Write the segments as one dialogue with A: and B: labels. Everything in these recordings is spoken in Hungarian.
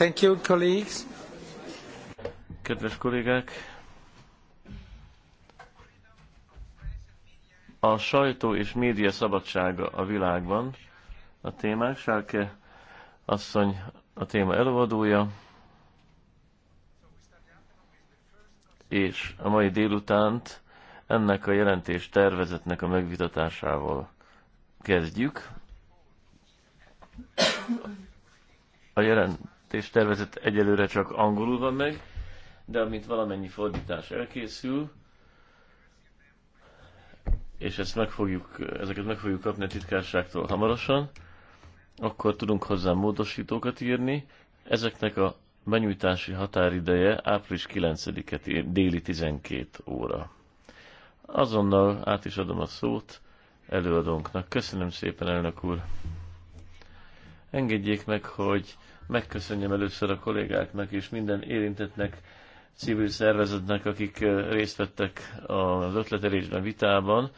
A: Thank you, colleagues.
B: Kedves kollégák! A sajtó és média szabadsága a világban a témák. Sárke asszony a téma előadója. És a mai délutánt ennek a jelentés tervezetnek a megvitatásával kezdjük. A jelent és tervezett egyelőre csak angolul van meg, de amint valamennyi fordítás elkészül, és ezt meg fogjuk, ezeket meg fogjuk kapni a titkárságtól hamarosan, akkor tudunk hozzá módosítókat írni. Ezeknek a benyújtási határideje április 9-e déli 12 óra. Azonnal át is adom a szót előadónknak. Köszönöm szépen, elnök úr! Engedjék meg, hogy megköszönjem először a kollégáknak és minden érintetnek, civil szervezetnek, akik részt vettek az ötletelésben, vitában,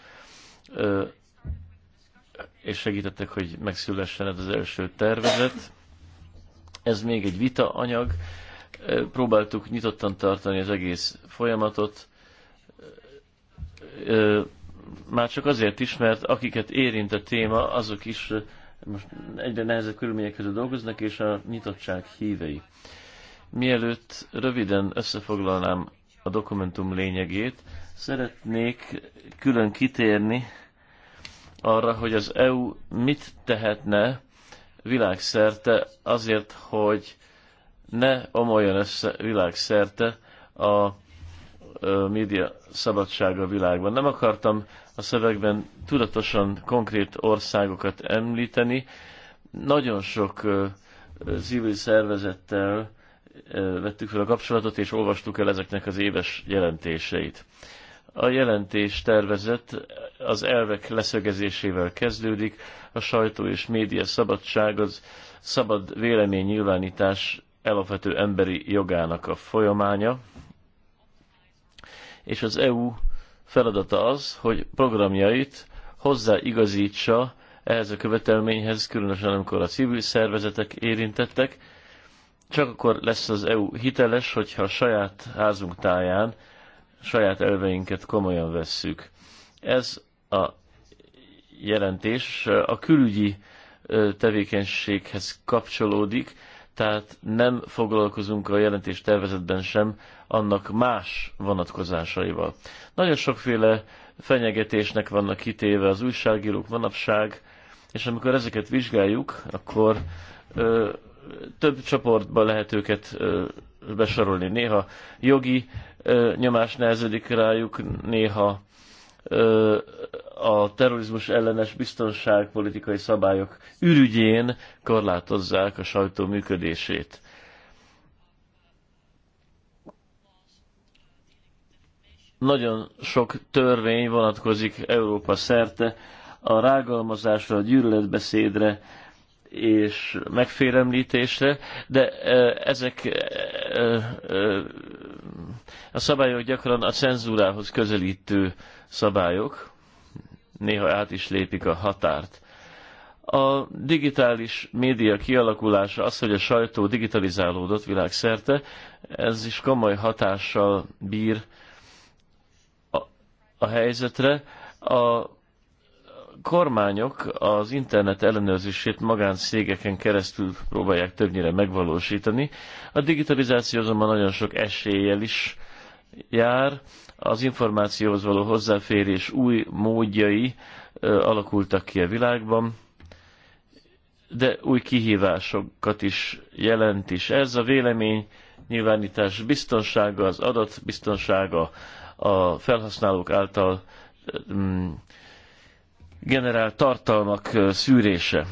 B: és segítettek, hogy megszülessen ez az első tervezet. Ez még egy vita anyag. Próbáltuk nyitottan tartani az egész folyamatot, már csak azért is, mert akiket érint a téma, azok is most egyre nehezebb körülmények között dolgoznak, és a nyitottság hívei. Mielőtt röviden összefoglalnám a dokumentum lényegét, szeretnék külön kitérni arra, hogy az EU mit tehetne világszerte azért, hogy ne omoljon össze világszerte a média szabadsága a világban. Nem akartam a szövegben tudatosan konkrét országokat említeni. Nagyon sok civil szervezettel vettük fel a kapcsolatot, és olvastuk el ezeknek az éves jelentéseit. A jelentés tervezet az elvek leszögezésével kezdődik, a sajtó és média szabadság, az szabad vélemény nyilvánítás alapvető emberi jogának a folyamánya, és az EU feladata az, hogy programjait hozzáigazítsa ehhez a követelményhez, különösen amikor a civil szervezetek érintettek. Csak akkor lesz az EU hiteles, hogyha a saját házunk táján saját elveinket komolyan vesszük. Ez a jelentés a külügyi tevékenységhez kapcsolódik, tehát nem foglalkozunk a jelentés tervezetben sem annak más vonatkozásaival. Nagyon sokféle fenyegetésnek vannak kitéve az újságírók manapság, és amikor ezeket vizsgáljuk, akkor ö, több csoportba lehet őket ö, besorolni. Néha jogi ö, nyomás nehezedik rájuk, néha a terrorizmus ellenes biztonságpolitikai szabályok ürügyén korlátozzák a sajtó működését. Nagyon sok törvény vonatkozik Európa szerte a rágalmazásra, a gyűlöletbeszédre és megfélemlítésre, de ezek a szabályok gyakran a cenzúrához közelítő szabályok, néha át is lépik a határt. A digitális média kialakulása, az, hogy a sajtó digitalizálódott világszerte, ez is komoly hatással bír a, a helyzetre. A kormányok az internet ellenőrzését magáncégeken keresztül próbálják többnyire megvalósítani. A digitalizáció azonban nagyon sok eséllyel is jár, az információhoz való hozzáférés új módjai alakultak ki a világban, de új kihívásokat is jelent is. Ez a vélemény nyilvánítás biztonsága, az adat biztonsága, a felhasználók által generált tartalmak szűrése.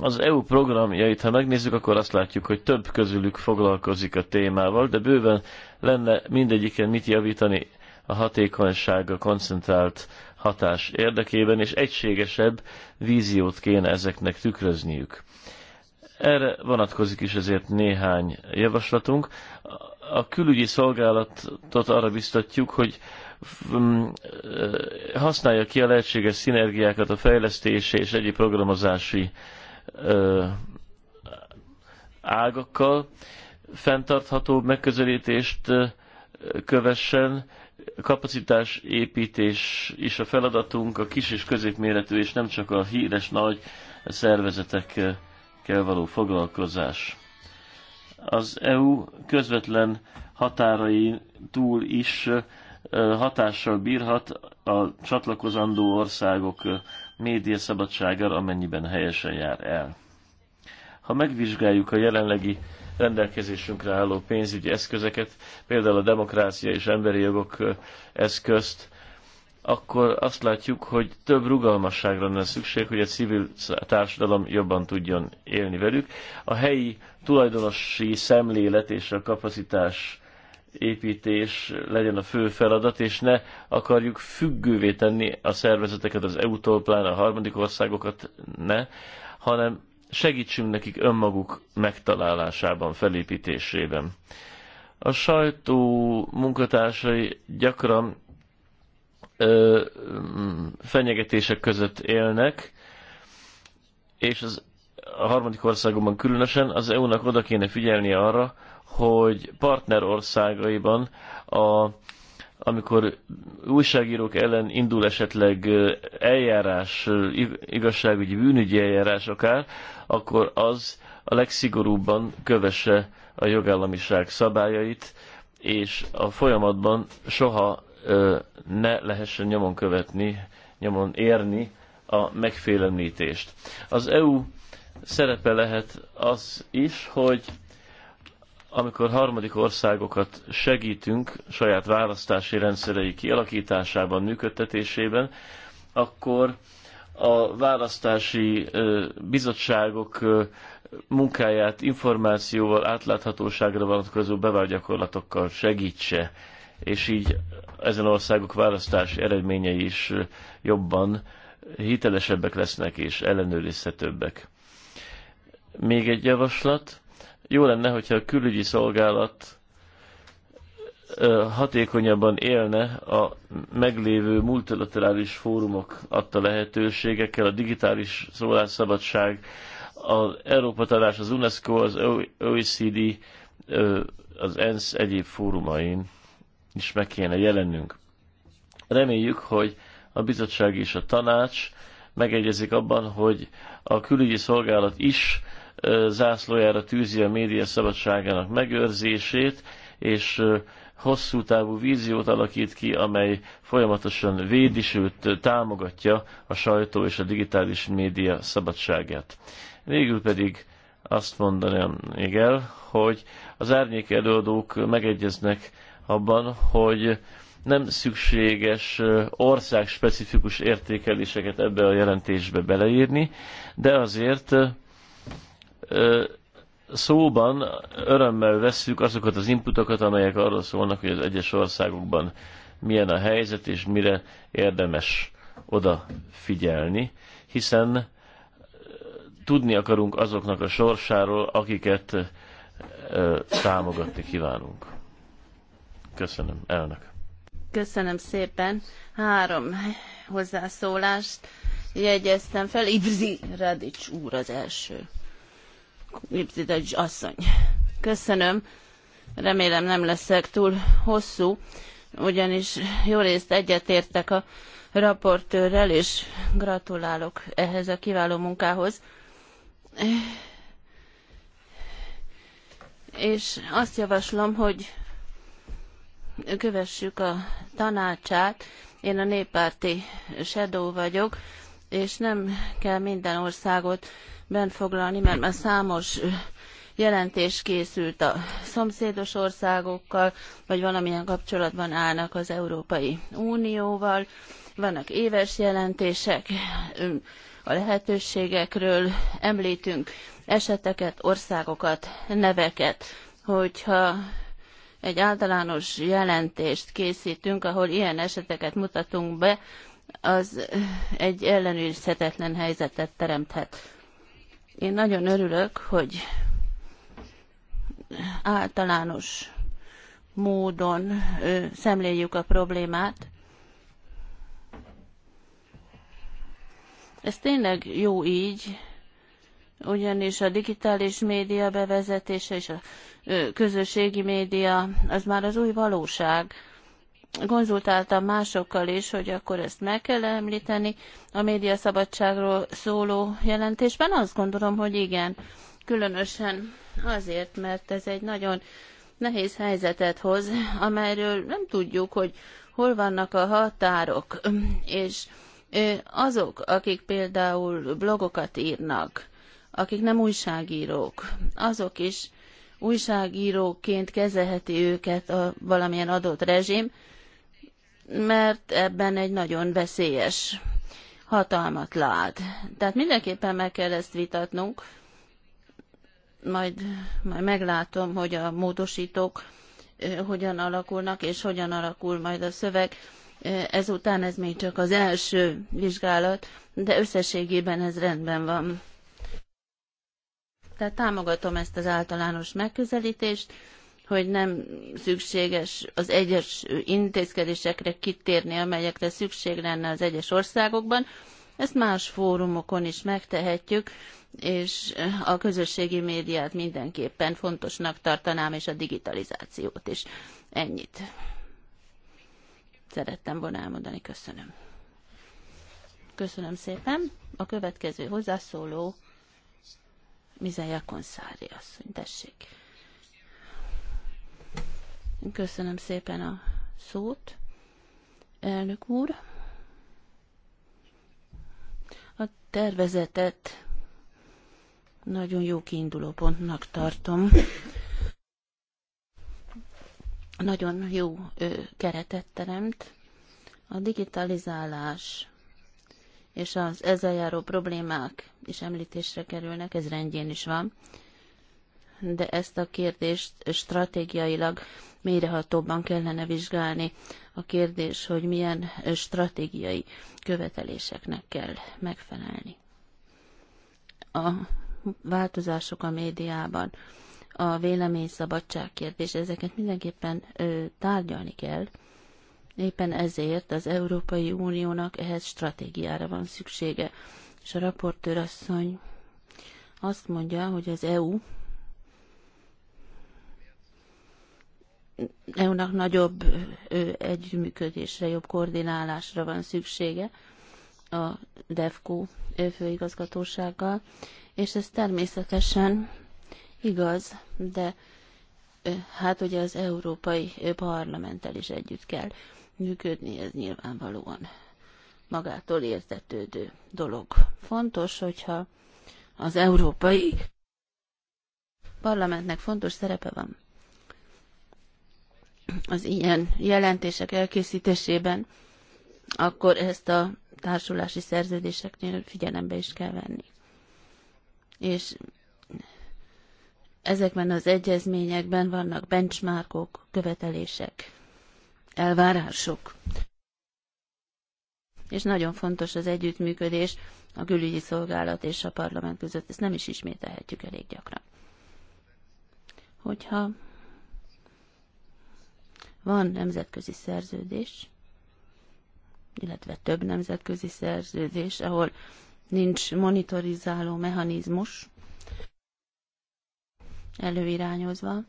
B: Az EU programjait, ha megnézzük, akkor azt látjuk, hogy több közülük foglalkozik a témával, de bőven lenne mindegyiken mit javítani a hatékonyság, a koncentrált hatás érdekében, és egységesebb víziót kéne ezeknek tükrözniük. Erre vonatkozik is ezért néhány javaslatunk. A külügyi szolgálatot arra biztatjuk, hogy Mm, eh, használja ki a lehetséges szinergiákat a fejlesztési és egyéb programozási eh, ágakkal, fenntartható megközelítést eh, kövessen, kapacitás építés is a feladatunk, a kis és középméretű, és nem csak a híres nagy szervezetekkel való foglalkozás. Az EU közvetlen határai túl is hatással bírhat a csatlakozandó országok média szabadságára, amennyiben helyesen jár el. Ha megvizsgáljuk a jelenlegi rendelkezésünkre álló pénzügyi eszközeket, például a demokrácia és emberi jogok eszközt, akkor azt látjuk, hogy több rugalmasságra lenne szükség, hogy a civil társadalom jobban tudjon élni velük. A helyi tulajdonosi szemlélet és a kapacitás építés legyen a fő feladat, és ne akarjuk függővé tenni a szervezeteket, az EU-tól, pláne a harmadik országokat ne, hanem segítsünk nekik önmaguk megtalálásában, felépítésében. A sajtó munkatársai gyakran ö, fenyegetések között élnek, és az, a harmadik országokban különösen az EU-nak oda kéne figyelni arra, hogy partnerországaiban, a, amikor újságírók ellen indul esetleg eljárás, igazságügyi bűnügyi eljárás akár, akkor az a legszigorúbban kövesse a jogállamiság szabályait, és a folyamatban soha ö, ne lehessen nyomon követni, nyomon érni a megfélemlítést. Az EU szerepe lehet az is, hogy amikor harmadik országokat segítünk saját választási rendszerei kialakításában, működtetésében, akkor a választási bizottságok munkáját információval, átláthatóságra vonatkozó bevált segítse, és így ezen országok választási eredményei is jobban hitelesebbek lesznek és ellenőrizhetőbbek. Még egy javaslat jó lenne, hogyha a külügyi szolgálat hatékonyabban élne a meglévő multilaterális fórumok adta lehetőségekkel, a digitális szólásszabadság, az Európa Tanács, az UNESCO, az OECD, az ENSZ egyéb fórumain is meg kéne jelennünk. Reméljük, hogy a bizottság és a tanács megegyezik abban, hogy a külügyi szolgálat is zászlójára tűzi a média szabadságának megőrzését, és hosszú távú víziót alakít ki, amely folyamatosan védi, sőt támogatja a sajtó és a digitális média szabadságát. Végül pedig azt mondanám még el, hogy az árnyék előadók megegyeznek abban, hogy nem szükséges országspecifikus értékeléseket ebbe a jelentésbe beleírni, de azért szóban örömmel vesszük azokat az inputokat, amelyek arról szólnak, hogy az egyes országokban milyen a helyzet, és mire érdemes odafigyelni, hiszen tudni akarunk azoknak a sorsáról, akiket támogatni kívánunk. Köszönöm, elnök.
C: Köszönöm szépen. Három hozzászólást jegyeztem fel. Ibzi Radics úr az első asszony. Köszönöm. Remélem nem leszek túl hosszú, ugyanis jó részt egyetértek a raportőrrel, és gratulálok ehhez a kiváló munkához. És azt javaslom, hogy kövessük a tanácsát. Én a néppárti shadow vagyok, és nem kell minden országot foglalni, mert már számos jelentés készült a szomszédos országokkal, vagy valamilyen kapcsolatban állnak az Európai Unióval. Vannak éves jelentések a lehetőségekről, említünk eseteket, országokat, neveket, hogyha egy általános jelentést készítünk, ahol ilyen eseteket mutatunk be, az egy ellenőrizhetetlen helyzetet teremthet én nagyon örülök, hogy általános módon ö, szemléljük a problémát. Ez tényleg jó így, ugyanis a digitális média bevezetése és a ö, közösségi média az már az új valóság konzultáltam másokkal is, hogy akkor ezt meg kell említeni a médiaszabadságról szóló jelentésben. Azt gondolom, hogy igen, különösen azért, mert ez egy nagyon nehéz helyzetet hoz, amelyről nem tudjuk, hogy hol vannak a határok, és azok, akik például blogokat írnak, akik nem újságírók, azok is újságíróként kezelheti őket a valamilyen adott rezsim, mert ebben egy nagyon veszélyes hatalmat lát. Tehát mindenképpen meg kell ezt vitatnunk, majd, majd meglátom, hogy a módosítók hogyan alakulnak, és hogyan alakul majd a szöveg. Ezután ez még csak az első vizsgálat, de összességében ez rendben van. Tehát támogatom ezt az általános megközelítést, hogy nem szükséges az egyes intézkedésekre kitérni, amelyekre szükség lenne az egyes országokban. Ezt más fórumokon is megtehetjük, és a közösségi médiát mindenképpen fontosnak tartanám, és a digitalizációt is. Ennyit szerettem volna elmondani. Köszönöm. Köszönöm szépen. A következő hozzászóló Mizeja Konszári asszony. Tessék. Köszönöm szépen a szót, elnök úr. A tervezetet nagyon jó kiinduló pontnak tartom. Nagyon jó ö, keretet teremt. A digitalizálás és az ezzel járó problémák is említésre kerülnek, ez rendjén is van. De ezt a kérdést stratégiailag mélyrehatóbban kellene vizsgálni. A kérdés, hogy milyen stratégiai követeléseknek kell megfelelni. A változások a médiában, a véleményszabadság kérdés, ezeket mindenképpen ö, tárgyalni kell. Éppen ezért az Európai Uniónak ehhez stratégiára van szüksége. És a raportőr asszony azt mondja, hogy az EU EU-nak nagyobb együttműködésre, jobb koordinálásra van szüksége a DEFCO főigazgatósággal, és ez természetesen igaz, de hát ugye az Európai Parlamenttel is együtt kell működni, ez nyilvánvalóan magától értetődő dolog. Fontos, hogyha az Európai Parlamentnek fontos szerepe van az ilyen jelentések elkészítésében, akkor ezt a társulási szerződéseknél figyelembe is kell venni. És ezekben az egyezményekben vannak benchmarkok, követelések, elvárások. És nagyon fontos az együttműködés a külügyi szolgálat és a parlament között. Ezt nem is ismételhetjük elég gyakran. Hogyha van nemzetközi szerződés, illetve több nemzetközi szerződés, ahol nincs monitorizáló mechanizmus előirányozva.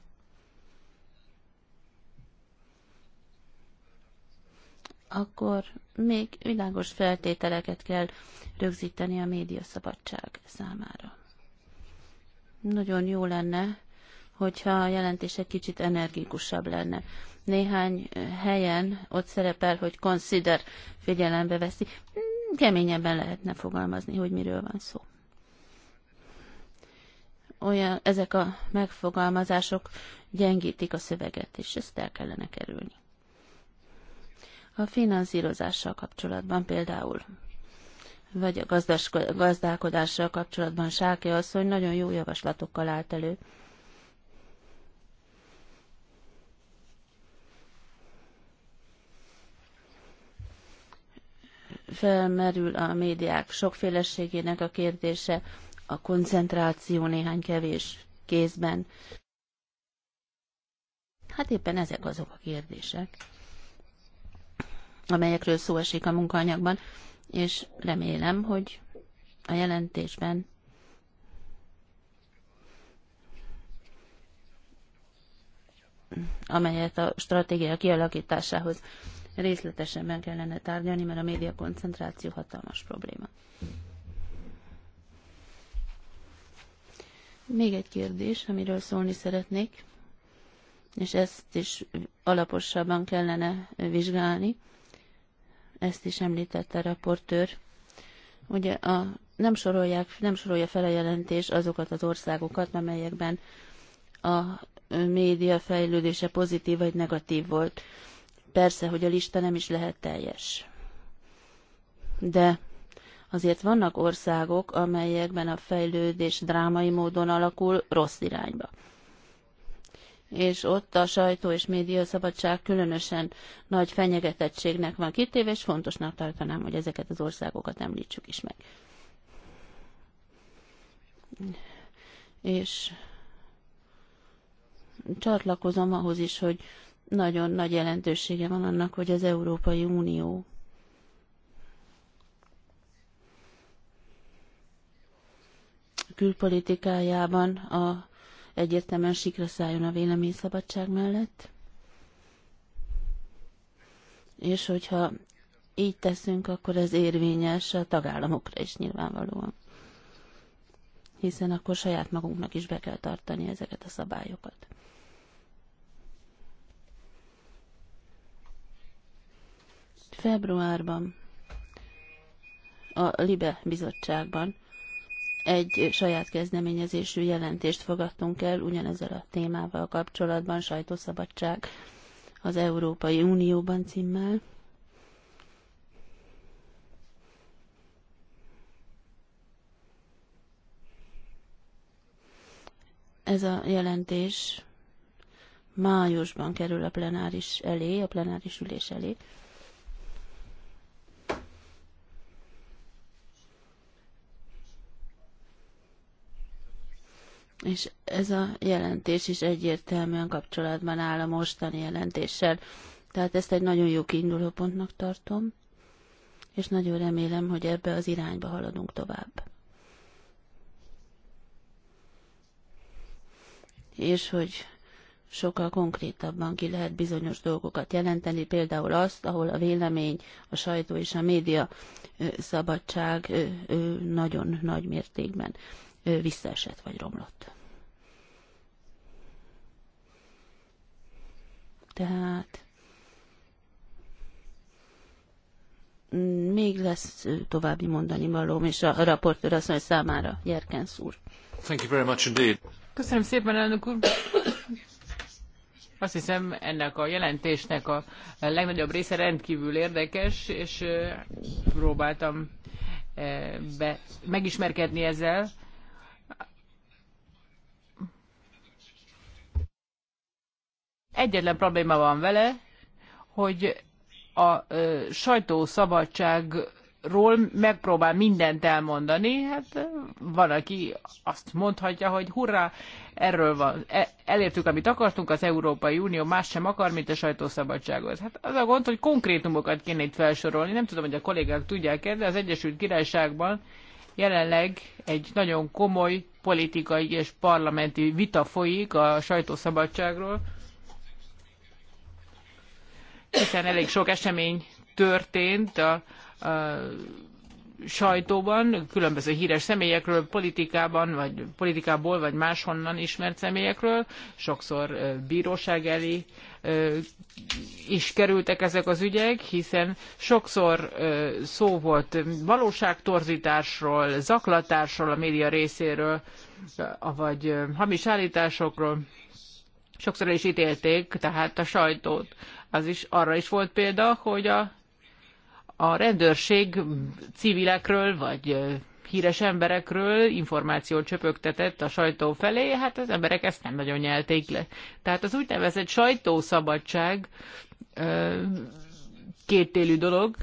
C: akkor még világos feltételeket kell rögzíteni a médiaszabadság számára. Nagyon jó lenne, hogyha a jelentés egy kicsit energikusabb lenne. Néhány helyen ott szerepel, hogy consider figyelembe veszi. Keményebben lehetne fogalmazni, hogy miről van szó. Olyan, ezek a megfogalmazások gyengítik a szöveget, és ezt el kellene kerülni. A finanszírozással kapcsolatban például vagy a gazdálkodással kapcsolatban Sáki asszony nagyon jó javaslatokkal állt elő. felmerül a médiák sokféleségének a kérdése, a koncentráció néhány kevés kézben. Hát éppen ezek azok a kérdések, amelyekről szó esik a munkaanyagban, és remélem, hogy a jelentésben amelyet a stratégia kialakításához részletesebben kellene tárgyalni, mert a média koncentráció hatalmas probléma. Még egy kérdés, amiről szólni szeretnék, és ezt is alaposabban kellene vizsgálni. Ezt is említette a raportőr. Ugye a, nem, sorolják, nem sorolja fel a jelentés azokat az országokat, amelyekben a média fejlődése pozitív vagy negatív volt. Persze, hogy a lista nem is lehet teljes. De azért vannak országok, amelyekben a fejlődés drámai módon alakul rossz irányba. És ott a sajtó és média szabadság különösen nagy fenyegetettségnek van kitéve, és fontosnak tartanám, hogy ezeket az országokat említsük is meg. És csatlakozom ahhoz is, hogy nagyon nagy jelentősége van annak, hogy az Európai Unió külpolitikájában a, egyértelműen sikra szálljon a véleményszabadság mellett. És hogyha így teszünk, akkor ez érvényes a tagállamokra is nyilvánvalóan. Hiszen akkor saját magunknak is be kell tartani ezeket a szabályokat. Februárban a LIBE bizottságban egy saját kezdeményezésű jelentést fogadtunk el ugyanezzel a témával kapcsolatban, sajtószabadság az Európai Unióban címmel. Ez a jelentés májusban kerül a plenáris elé, a plenáris ülés elé. És ez a jelentés is egyértelműen kapcsolatban áll a mostani jelentéssel. Tehát ezt egy nagyon jó kiindulópontnak tartom, és nagyon remélem, hogy ebbe az irányba haladunk tovább. És hogy sokkal konkrétabban ki lehet bizonyos dolgokat jelenteni, például azt, ahol a vélemény, a sajtó és a média szabadság nagyon nagy mértékben visszaesett vagy romlott. tehát még lesz további mondani valóm, és a raportőr asszony számára, Jerkens úr.
A: Thank you very much
B: indeed.
C: Köszönöm szépen, elnök úr.
A: Azt hiszem, ennek a jelentésnek a legnagyobb része rendkívül érdekes, és próbáltam be, megismerkedni ezzel. Egyetlen probléma van vele, hogy a ö, sajtószabadságról megpróbál mindent elmondani. Hát van, aki azt mondhatja, hogy hurrá, erről van, e, elértük, amit akartunk, az Európai Unió más sem akar, mint a sajtószabadságot. Hát az a gond, hogy konkrétumokat kéne itt felsorolni. Nem tudom, hogy a kollégák tudják-e, de az Egyesült Királyságban jelenleg egy nagyon komoly politikai és parlamenti vita folyik a sajtószabadságról hiszen elég sok esemény történt a, a sajtóban, különböző híres személyekről, politikában, vagy politikából, vagy máshonnan ismert személyekről, sokszor bíróság elé is kerültek ezek az ügyek, hiszen sokszor szó volt valóságtorzításról, zaklatásról a média részéről, vagy hamis állításokról. Sokszor is ítélték tehát a sajtót az is arra is volt példa, hogy a, a rendőrség civilekről vagy híres emberekről információt csöpögtetett a sajtó felé, hát az emberek ezt nem nagyon nyelték le. Tehát az úgynevezett sajtószabadság kéttélű dolog.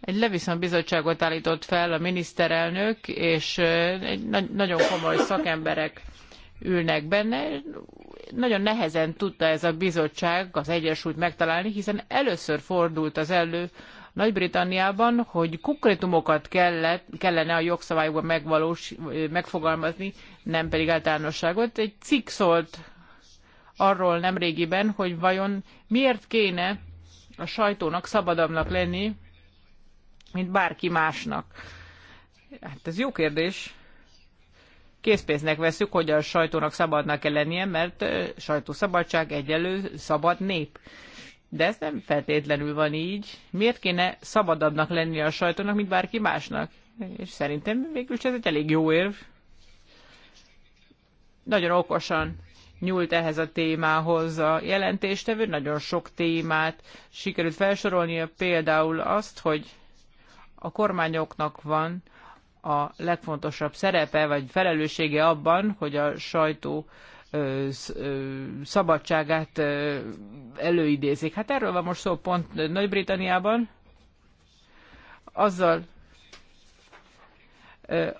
A: Egy Levison bizottságot állított fel a miniszterelnök, és egy nagyon komoly szakemberek ülnek benne nagyon nehezen tudta ez a bizottság az egyensúlyt megtalálni, hiszen először fordult az elő Nagy-Britanniában, hogy konkrétumokat kellett, kellene a jogszabályokban megvalós, megfogalmazni, nem pedig általánosságot. Egy cikk szólt arról nemrégiben, hogy vajon miért kéne a sajtónak szabadabbnak lenni, mint bárki másnak. Hát ez jó kérdés készpénznek veszük, hogy a sajtónak szabadnak kell lennie, mert sajtószabadság egyelő szabad nép. De ez nem feltétlenül van így. Miért kéne szabadabbnak lennie a sajtónak, mint bárki másnak? És szerintem végül ez egy elég jó érv. Nagyon okosan nyúlt ehhez a témához a jelentéstevő, nagyon sok témát sikerült felsorolnia, például azt, hogy a kormányoknak van a legfontosabb szerepe vagy felelőssége abban, hogy a sajtó szabadságát előidézik. Hát erről van most szó pont Nagy-Britanniában. Azzal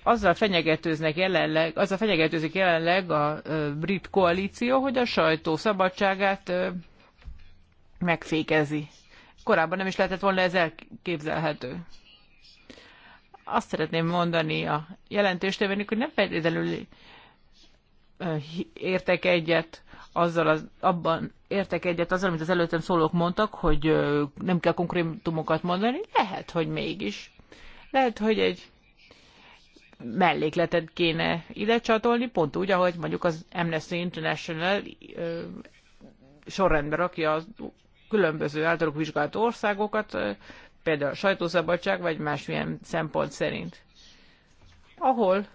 A: azzal fenyegetőznek jelenleg, azzal fenyegetőzik jelenleg a brit koalíció, hogy a sajtó szabadságát megfékezi. Korábban nem is lehetett volna ez elképzelhető azt szeretném mondani a jelentőstevőnek, hogy nem feltétlenül értek egyet azzal az, abban értek egyet azzal, amit az előttem szólók mondtak, hogy nem kell konkrétumokat mondani, lehet, hogy mégis. Lehet, hogy egy mellékletet kéne ide csatolni, pont úgy, ahogy mondjuk az Amnesty International sorrendbe rakja a különböző általuk vizsgált országokat, például a sajtószabadság, vagy másmilyen szempont szerint. Ahol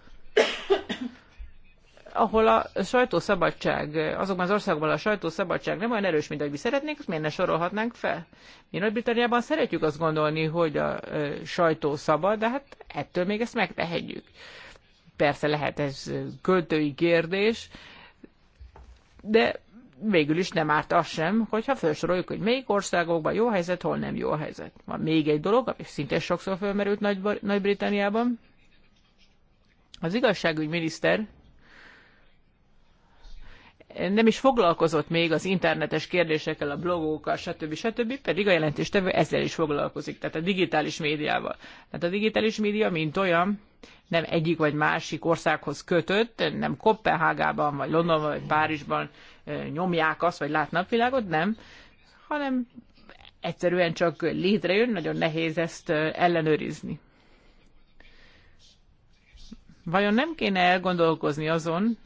A: ahol a sajtószabadság, azokban az országban a sajtószabadság nem olyan erős, mint ahogy mi szeretnénk, azt miért ne sorolhatnánk fel? Mi Nagy-Britanniában szeretjük azt gondolni, hogy a sajtó szabad, de hát ettől még ezt megtehetjük. Persze lehet ez költői kérdés, de végül is nem árt az sem, hogyha felsoroljuk, hogy melyik országokban jó helyzet, hol nem jó helyzet. Van még egy dolog, ami szintén sokszor felmerült Nagy- Nagy-Britanniában. Az igazságügyminiszter nem is foglalkozott még az internetes kérdésekkel, a blogokkal, stb. stb., pedig a jelentéstevő ezzel is foglalkozik, tehát a digitális médiával. Tehát a digitális média, mint olyan, nem egyik vagy másik országhoz kötött, nem Kopenhágában, vagy Londonban, vagy Párizsban nyomják azt, vagy látnak világot, nem, hanem egyszerűen csak létrejön, nagyon nehéz ezt ellenőrizni. Vajon nem kéne elgondolkozni azon,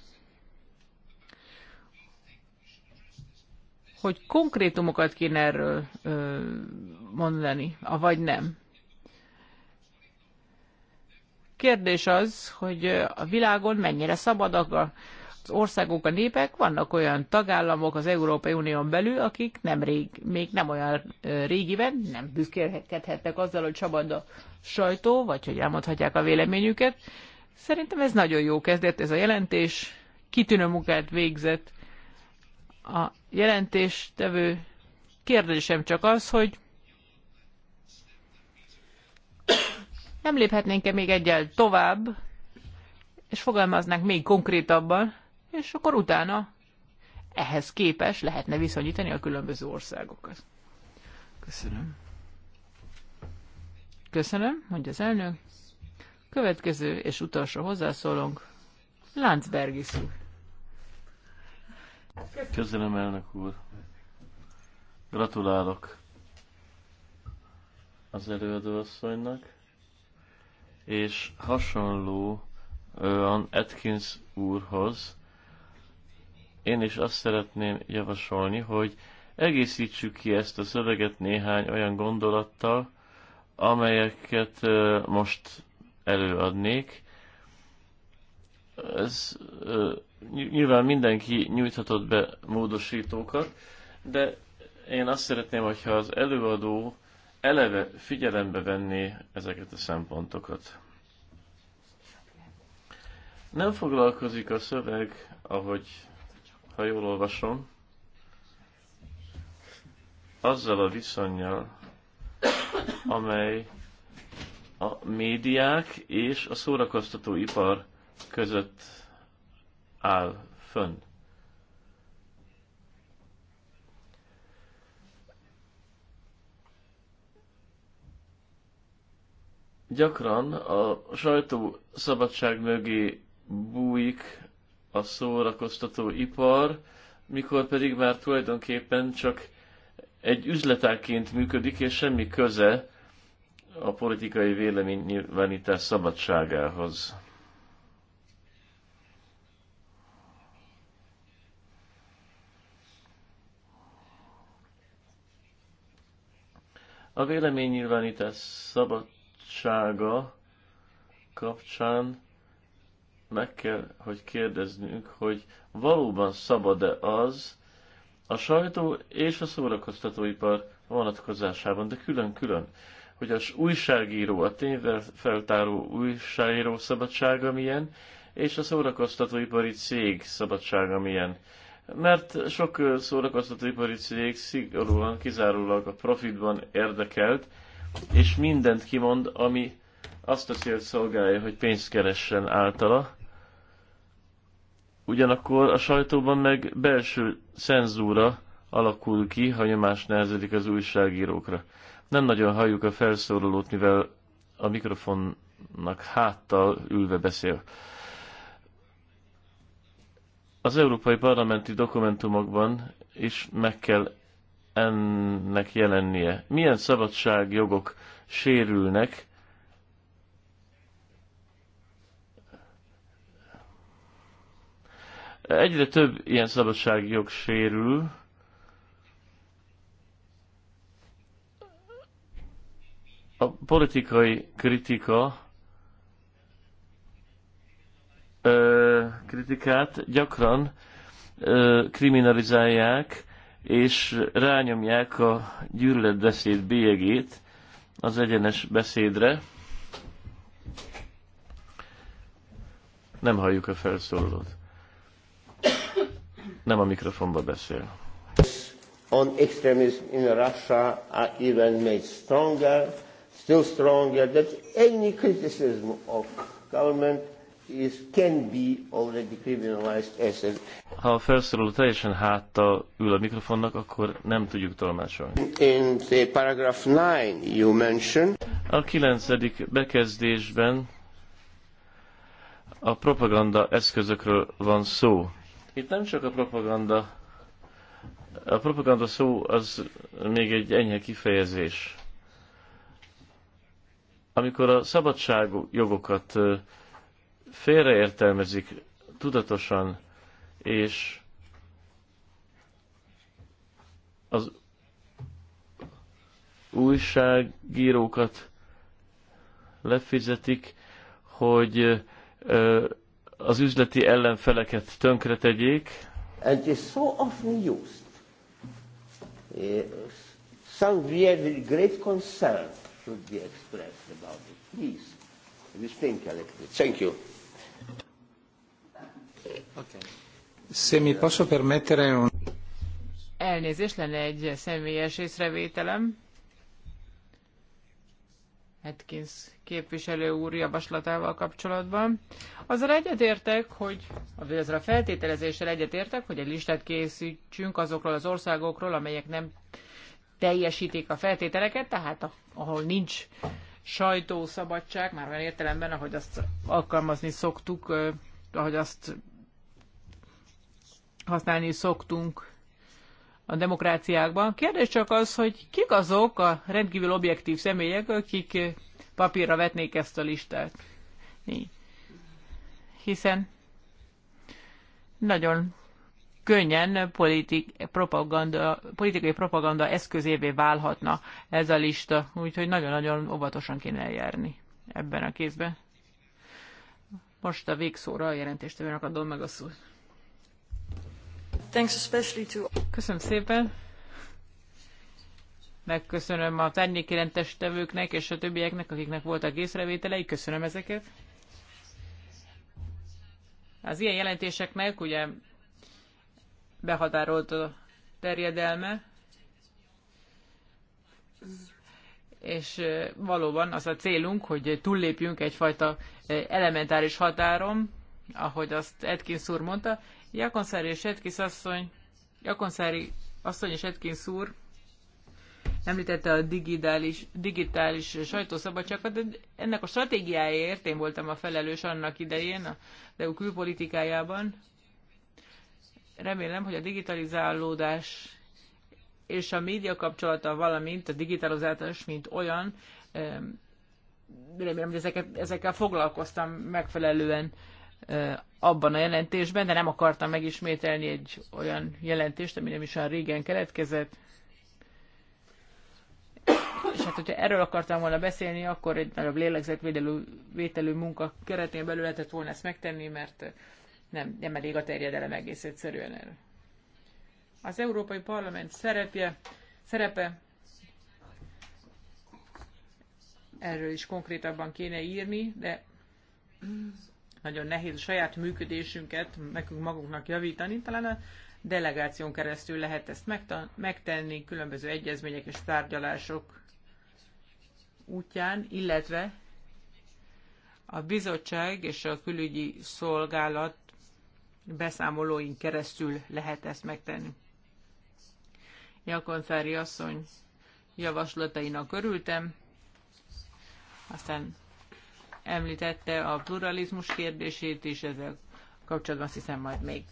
A: hogy konkrétumokat kéne erről ö, mondani, avagy nem. Kérdés az, hogy a világon mennyire szabadak a, az országok, a népek, vannak olyan tagállamok az Európai Unión belül, akik nem rég, még nem olyan régiben nem büszkélkedhettek azzal, hogy szabad a sajtó, vagy hogy elmondhatják a véleményüket. Szerintem ez nagyon jó kezdet, ez a jelentés, kitűnő munkát végzett a jelentéstevő kérdésem csak az, hogy nem léphetnénk-e még egyel tovább, és fogalmaznánk még konkrétabban, és akkor utána ehhez képes lehetne viszonyítani a különböző országokat. Köszönöm. Köszönöm, mondja az elnök. Következő és utolsó hozzászólónk, Láncbergis úr.
B: Köszönöm, elnök úr. Gratulálok az előadóasszonynak, és hasonló Atkins úrhoz én is azt szeretném javasolni, hogy egészítsük ki ezt a szöveget néhány olyan gondolattal, amelyeket most előadnék. Ez nyilván mindenki nyújthatott be módosítókat, de én azt szeretném, hogyha az előadó eleve figyelembe venné ezeket a szempontokat. Nem foglalkozik a szöveg, ahogy, ha jól olvasom, azzal a viszonyjal, amely a médiák és a szórakoztató ipar között áll fönn. Gyakran a sajtó szabadság mögé bújik a szórakoztató ipar, mikor pedig már tulajdonképpen csak egy üzletáként működik, és semmi köze a politikai nyilvánítás szabadságához. A véleménynyilvánítás szabadsága kapcsán meg kell, hogy kérdeznünk, hogy valóban szabad-e az a sajtó és a szórakoztatóipar vonatkozásában, de külön-külön, hogy az újságíró, a tényvel feltáró újságíró szabadsága milyen, és a szórakoztatóipari cég szabadsága milyen mert sok szórakoztatóipari cég szigorúan, kizárólag a profitban érdekelt, és mindent kimond, ami azt a célt szolgálja, hogy pénzt keressen általa. Ugyanakkor a sajtóban meg belső cenzúra alakul ki, ha nyomás nehezedik az újságírókra. Nem nagyon halljuk a felszólalót, mivel a mikrofonnak háttal ülve beszél. Az európai parlamenti dokumentumokban is meg kell ennek jelennie. Milyen szabadságjogok sérülnek, Egyre több ilyen szabadságjog sérül, a politikai kritika ö, kritikát gyakran ö, kriminalizálják és rányomják a gyűlöletbeszéd bélyegét az egyenes beszédre. Nem halljuk a felszólalót. Nem a mikrofonba beszél. On extremism in Russia are even made stronger, still stronger than any criticism of government is can be already criminalized as a... Ha a felszólaló teljesen háttal ül a mikrofonnak, akkor nem tudjuk tolmácsolni. In the paragraph 9 you mentioned... A kilencedik bekezdésben a propaganda eszközökről van szó. Itt nem csak a propaganda a propaganda szó az még egy enyhe kifejezés. Amikor a szabadságjogokat jogokat félreértelmezik tudatosan, és az újságírókat lefizetik, hogy az üzleti ellenfeleket tönkretegyék. And it's so often used. Eh, some very great concern should be expressed about it. Please, Mr. Thank you.
C: Elnézés,
A: Elnézést, lenne egy személyes észrevételem. Atkins képviselő úr javaslatával kapcsolatban. Azzal egyetértek, hogy azzal a feltételezéssel egyetértek, hogy egy listát készítsünk azokról az országokról, amelyek nem teljesítik a feltételeket, tehát ahol nincs sajtószabadság, már olyan értelemben, ahogy azt alkalmazni szoktuk, ahogy azt használni szoktunk a demokráciákban. Kérdés csak az, hogy kik azok a rendkívül objektív személyek, akik papírra vetnék ezt a listát. Hiszen nagyon könnyen politik, propaganda, politikai propaganda eszközévé válhatna ez a lista, úgyhogy nagyon-nagyon óvatosan kéne eljárni ebben a kézben. Most a végszóra a jelentéstevőnek adom meg a szót thanks especially to... Köszönöm szépen. Megköszönöm a tárnyékjelentes tevőknek és a többieknek, akiknek voltak észrevételei. Köszönöm ezeket. Az ilyen jelentéseknek ugye behatárolt a terjedelme, és valóban az a célunk, hogy túllépjünk egyfajta elementáris határon, ahogy azt Edkins úr mondta, Jakonszári és Edkis asszony, Jakonszári asszony és Edkins úr említette a digitális, digitális sajtószabadságot, de ennek a stratégiáért én voltam a felelős annak idején a EU külpolitikájában. Remélem, hogy a digitalizálódás és a média kapcsolata, valamint a digitalizálás, mint olyan, remélem, hogy ezeket, ezekkel foglalkoztam megfelelően abban a jelentésben, de nem akartam megismételni egy olyan jelentést, ami nem is olyan régen keletkezett. És hát, hogyha erről akartam volna beszélni, akkor egy nagyobb lélegzetvédelő vételő munka keretén belül lehetett volna ezt megtenni, mert nem, nem elég a terjedelem egész egyszerűen erre. Az Európai Parlament szerepje, szerepe erről is konkrétabban kéne írni, de nagyon nehéz a saját működésünket nekünk magunknak javítani, talán a delegáción keresztül lehet ezt megtenni különböző egyezmények és tárgyalások útján, illetve a bizottság és a külügyi szolgálat beszámolóin keresztül lehet ezt megtenni. Jakonszári asszony javaslatainak örültem, aztán említette a pluralizmus kérdését is, ezzel kapcsolatban azt hiszem majd még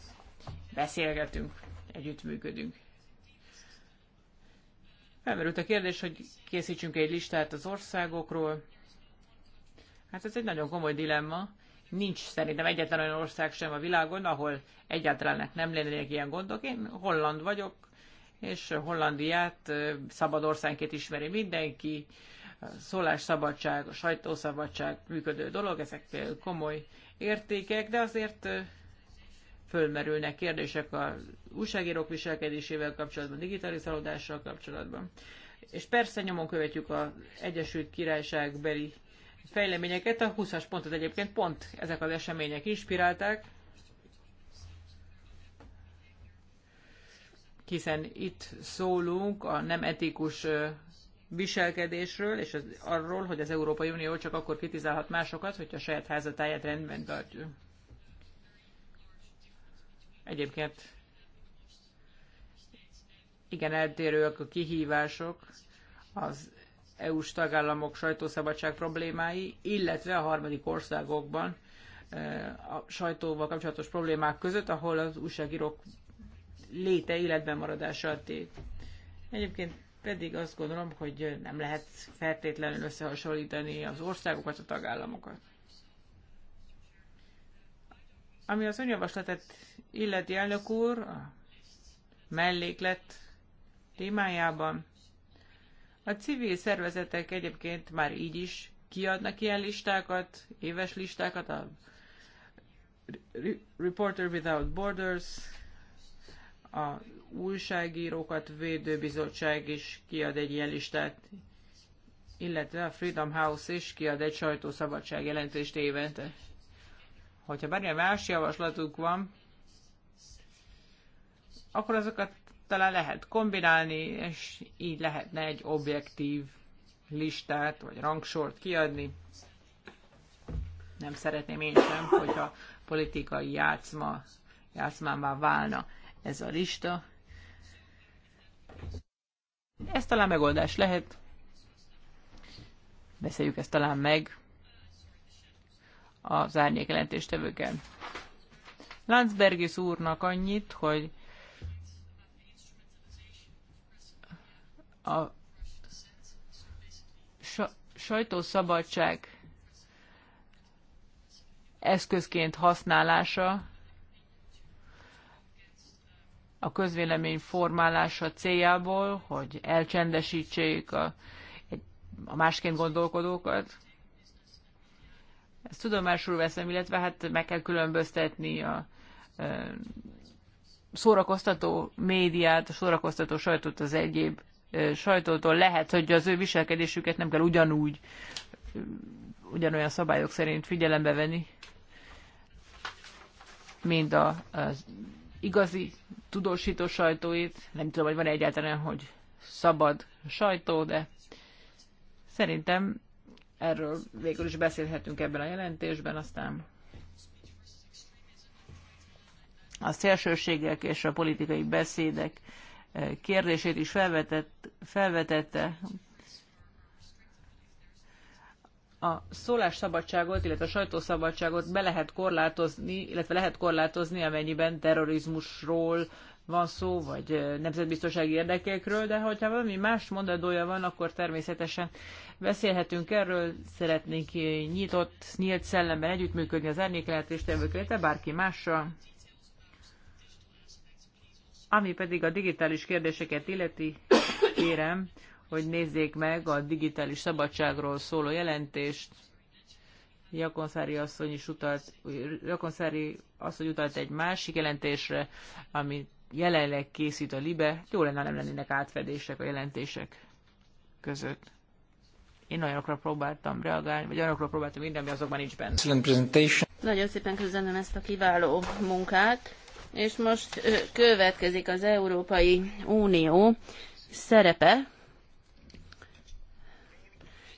A: beszélgetünk, együttműködünk. Felmerült a kérdés, hogy készítsünk egy listát az országokról. Hát ez egy nagyon komoly dilemma. Nincs szerintem egyetlen olyan ország sem a világon, ahol egyáltalán nem lennének ilyen gondok. Én holland vagyok, és Hollandiát szabad országként ismeri mindenki szólásszabadság, a sajtószabadság működő dolog, ezek komoly értékek, de azért fölmerülnek kérdések a újságírók viselkedésével kapcsolatban, digitalizálódással kapcsolatban. És persze nyomon követjük az Egyesült Királyság beli fejleményeket, a 20-as pontot egyébként pont ezek az események inspirálták, hiszen itt szólunk a nem etikus viselkedésről, és az, arról, hogy az Európai Unió csak akkor kritizálhat másokat, hogyha a saját házatáját rendben tartja. Egyébként igen eltérőek a kihívások az EU-s tagállamok sajtószabadság problémái, illetve a harmadik országokban a sajtóval kapcsolatos problémák között, ahol az újságírók léte életben maradása tét. Egyébként pedig azt gondolom, hogy nem lehet feltétlenül összehasonlítani az országokat, a tagállamokat. Ami az önjavaslatet illeti elnök úr, a melléklet témájában, a civil szervezetek egyébként már így is kiadnak ilyen listákat, éves listákat, a Reporter Without Borders, a újságírókat bizottság is kiad egy ilyen listát, illetve a Freedom House is kiad egy sajtószabadság jelentést évente. Hogyha bármilyen más javaslatuk van, akkor azokat talán lehet kombinálni, és így lehetne egy objektív listát vagy rangsort kiadni. Nem szeretném én sem, hogyha politikai játszma, játszmámá válna ez a lista. Ez talán megoldás lehet. Beszéljük ezt talán meg az árnyék jelentéstevőkkel. Landsbergis úrnak annyit, hogy a sajtószabadság eszközként használása a közvélemény formálása céljából, hogy elcsendesítsék a, a másként gondolkodókat. Ezt tudomásul veszem, illetve hát meg kell különböztetni a szórakoztató médiát, a szórakoztató sajtót az egyéb sajtótól. Lehet, hogy az ő viselkedésüket nem kell ugyanúgy, ugyanolyan szabályok szerint figyelembe venni, mint a, a igazi tudósító sajtóit. Nem tudom, hogy van -e egyáltalán, hogy szabad sajtó, de szerintem erről végül is beszélhetünk ebben a jelentésben, aztán a szélsőségek és a politikai beszédek eh, kérdését is felvetett, felvetette a szólásszabadságot, illetve a sajtószabadságot be lehet korlátozni, illetve lehet korlátozni, amennyiben terrorizmusról van szó, vagy nemzetbiztonsági érdekekről, de hogyha valami más mondadója van, akkor természetesen beszélhetünk erről, szeretnénk nyitott, nyílt szellemben együttműködni az árnyéklehetéstevőkkel, illetve bárki mással. Ami pedig a digitális kérdéseket illeti, kérem, hogy nézzék meg a digitális szabadságról szóló jelentést. Jakonszári asszony is utalt, Jakonszári asszony utalt egy másik jelentésre, amit jelenleg készít a LIBE. Jó lenne, nem lennének átfedések a jelentések között. Én olyanokra próbáltam reagálni, vagy olyanokra próbáltam minden, ami azokban nincs benne.
C: Nagyon szépen köszönöm ezt a kiváló munkát. És most következik az Európai Unió szerepe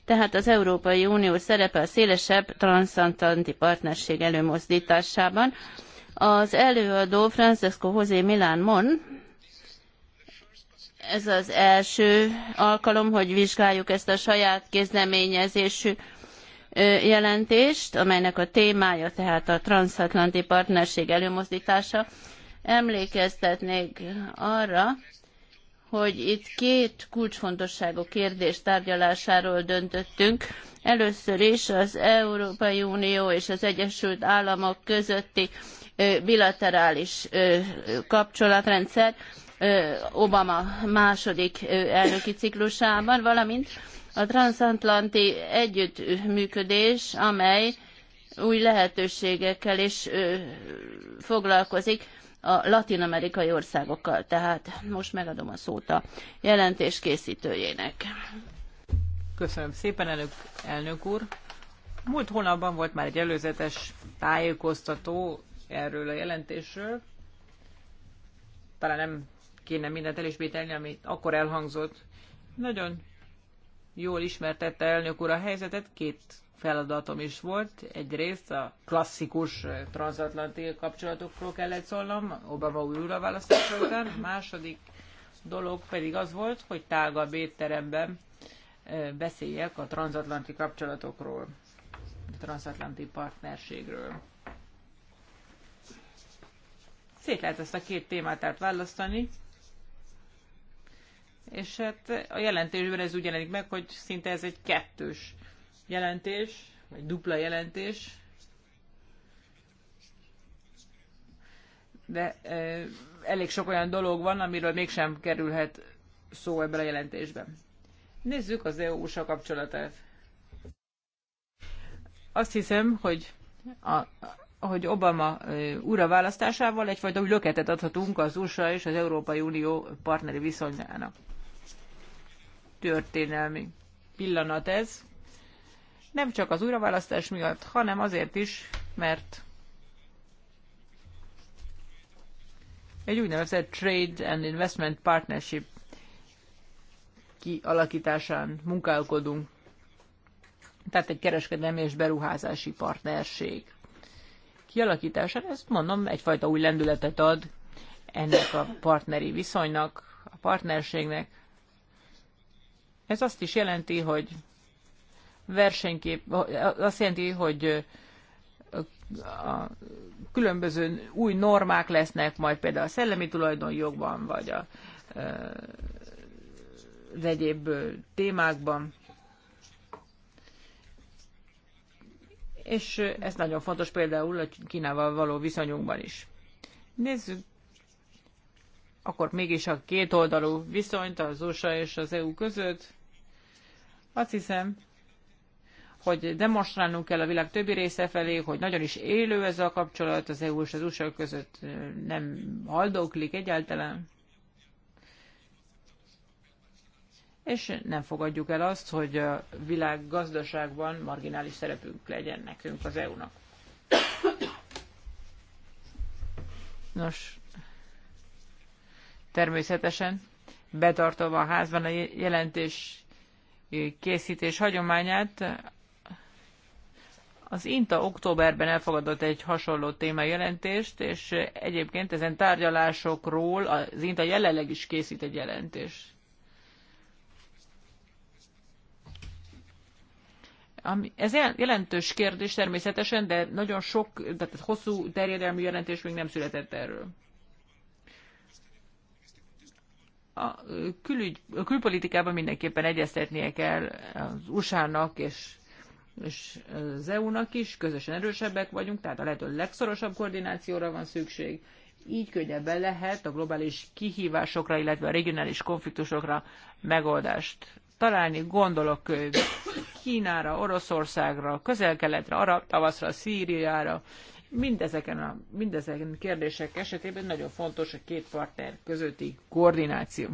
C: tehát az Európai Unió szerepe a szélesebb transatlanti partnerség előmozdításában. Az előadó Francesco José Milán Mon, ez az első alkalom, hogy vizsgáljuk ezt a saját kezdeményezésű jelentést, amelynek a témája tehát a transatlanti partnerség előmozdítása. Emlékeztetnék arra, hogy itt két kulcsfontosságú kérdés tárgyalásáról döntöttünk. Először is az Európai Unió és az Egyesült Államok közötti bilaterális kapcsolatrendszer Obama második elnöki ciklusában, valamint a transatlanti együttműködés, amely új lehetőségekkel is foglalkozik a latin-amerikai országokkal. Tehát most megadom a szót a jelentés készítőjének.
A: Köszönöm szépen, elnök, elnök úr. Múlt hónapban volt már egy előzetes tájékoztató erről a jelentésről. Talán nem kéne mindent elismételni, amit akkor elhangzott. Nagyon jól ismertette elnök úr a helyzetet, két feladatom is volt. Egyrészt a klasszikus transatlanti kapcsolatokról kellett szólnom, Obama újra választása után. Második dolog pedig az volt, hogy tágabb étteremben beszéljek a transatlanti kapcsolatokról, a transatlanti partnerségről. Szét lehet ezt a két témát át választani, és hát a jelentésben ez úgy jelenik meg, hogy szinte ez egy kettős jelentés, vagy dupla jelentés, de eh, elég sok olyan dolog van, amiről mégsem kerülhet szó ebben a jelentésben. Nézzük az eu sa kapcsolatát. Azt hiszem, hogy, a, hogy Obama eh, ura választásával egyfajta új löketet adhatunk az USA és az Európai Unió partneri viszonyának. Történelmi pillanat ez nem csak az újraválasztás miatt, hanem azért is, mert egy úgynevezett Trade and Investment Partnership kialakításán munkálkodunk. Tehát egy kereskedelmi és beruházási partnerség kialakításán, ezt mondom, egyfajta új lendületet ad ennek a partneri viszonynak, a partnerségnek. Ez azt is jelenti, hogy versenykép, azt jelenti, hogy a különböző új normák lesznek, majd például a szellemi tulajdonjogban, vagy a, az egyéb témákban. És ez nagyon fontos például a Kínával való viszonyunkban is. Nézzük akkor mégis a kétoldalú viszonyt az USA és az EU között. Azt hiszem, hogy demonstrálnunk kell a világ többi része felé, hogy nagyon is élő ez a kapcsolat, az EU és az USA között nem haldoklik egyáltalán. És nem fogadjuk el azt, hogy a világ gazdaságban marginális szerepünk legyen nekünk az EU-nak. Nos, természetesen betartva a házban a jelentés készítés hagyományát, az INTA októberben elfogadott egy hasonló témajelentést, és egyébként ezen tárgyalásokról az INTA jelenleg is készít egy jelentést. Ez jelentős kérdés természetesen, de nagyon sok, tehát hosszú terjedelmi jelentés még nem született erről. A, külügy, a külpolitikában mindenképpen egyeztetnie kell az USA-nak és és az EU-nak is, közösen erősebbek vagyunk, tehát a lehető legszorosabb koordinációra van szükség. Így könnyebben lehet a globális kihívásokra, illetve a regionális konfliktusokra megoldást találni. Gondolok Kínára, Oroszországra, Közel-Keletre, Arab tavaszra, Szíriára. Mindezeken a mindezeken kérdések esetében nagyon fontos a két partner közötti koordináció.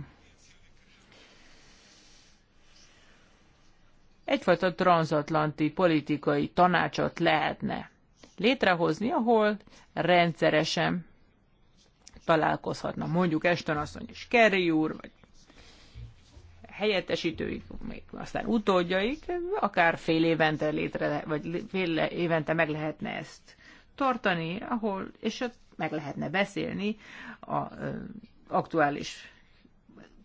A: egyfajta transatlanti politikai tanácsot lehetne létrehozni, ahol rendszeresen találkozhatna mondjuk Eston asszony és Kerry úr, vagy helyettesítőik, még aztán utódjaik, akár fél évente létre, vagy fél évente meg lehetne ezt tartani, ahol, és meg lehetne beszélni a aktuális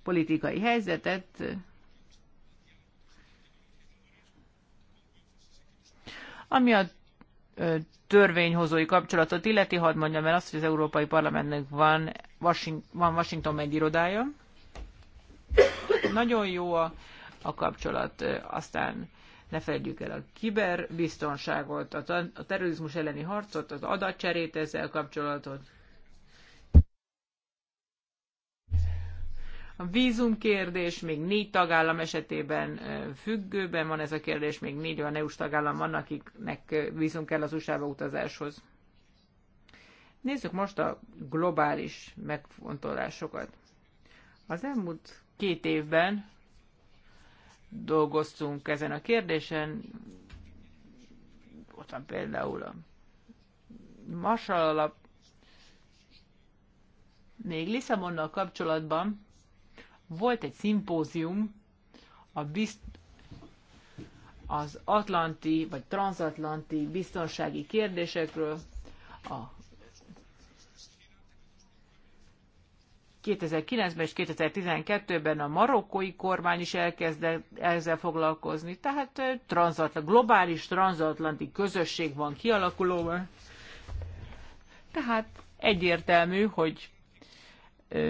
A: politikai helyzetet, Ami a törvényhozói kapcsolatot illeti, hadd mondjam el azt, hogy az Európai Parlamentnek van, Washing, van Washingtonban egy irodája. Nagyon jó a, a kapcsolat. Aztán ne felejtjük el a kiberbiztonságot, a, a terrorizmus elleni harcot, az adatcserét ezzel kapcsolatot, A vízumkérdés még négy tagállam esetében függőben van ez a kérdés, még négy olyan EU-s tagállam van, akiknek vízum kell az USA-ba utazáshoz. Nézzük most a globális megfontolásokat. Az elmúlt két évben dolgoztunk ezen a kérdésen, ott van például a Marshall alap, még Lisszabonnal kapcsolatban volt egy szimpózium a bizt, az atlanti vagy transatlanti biztonsági kérdésekről a 2009-ben és 2012-ben a marokkói kormány is elkezdett ezzel foglalkozni, tehát transatlant, globális transatlanti közösség van kialakulóban. Tehát egyértelmű, hogy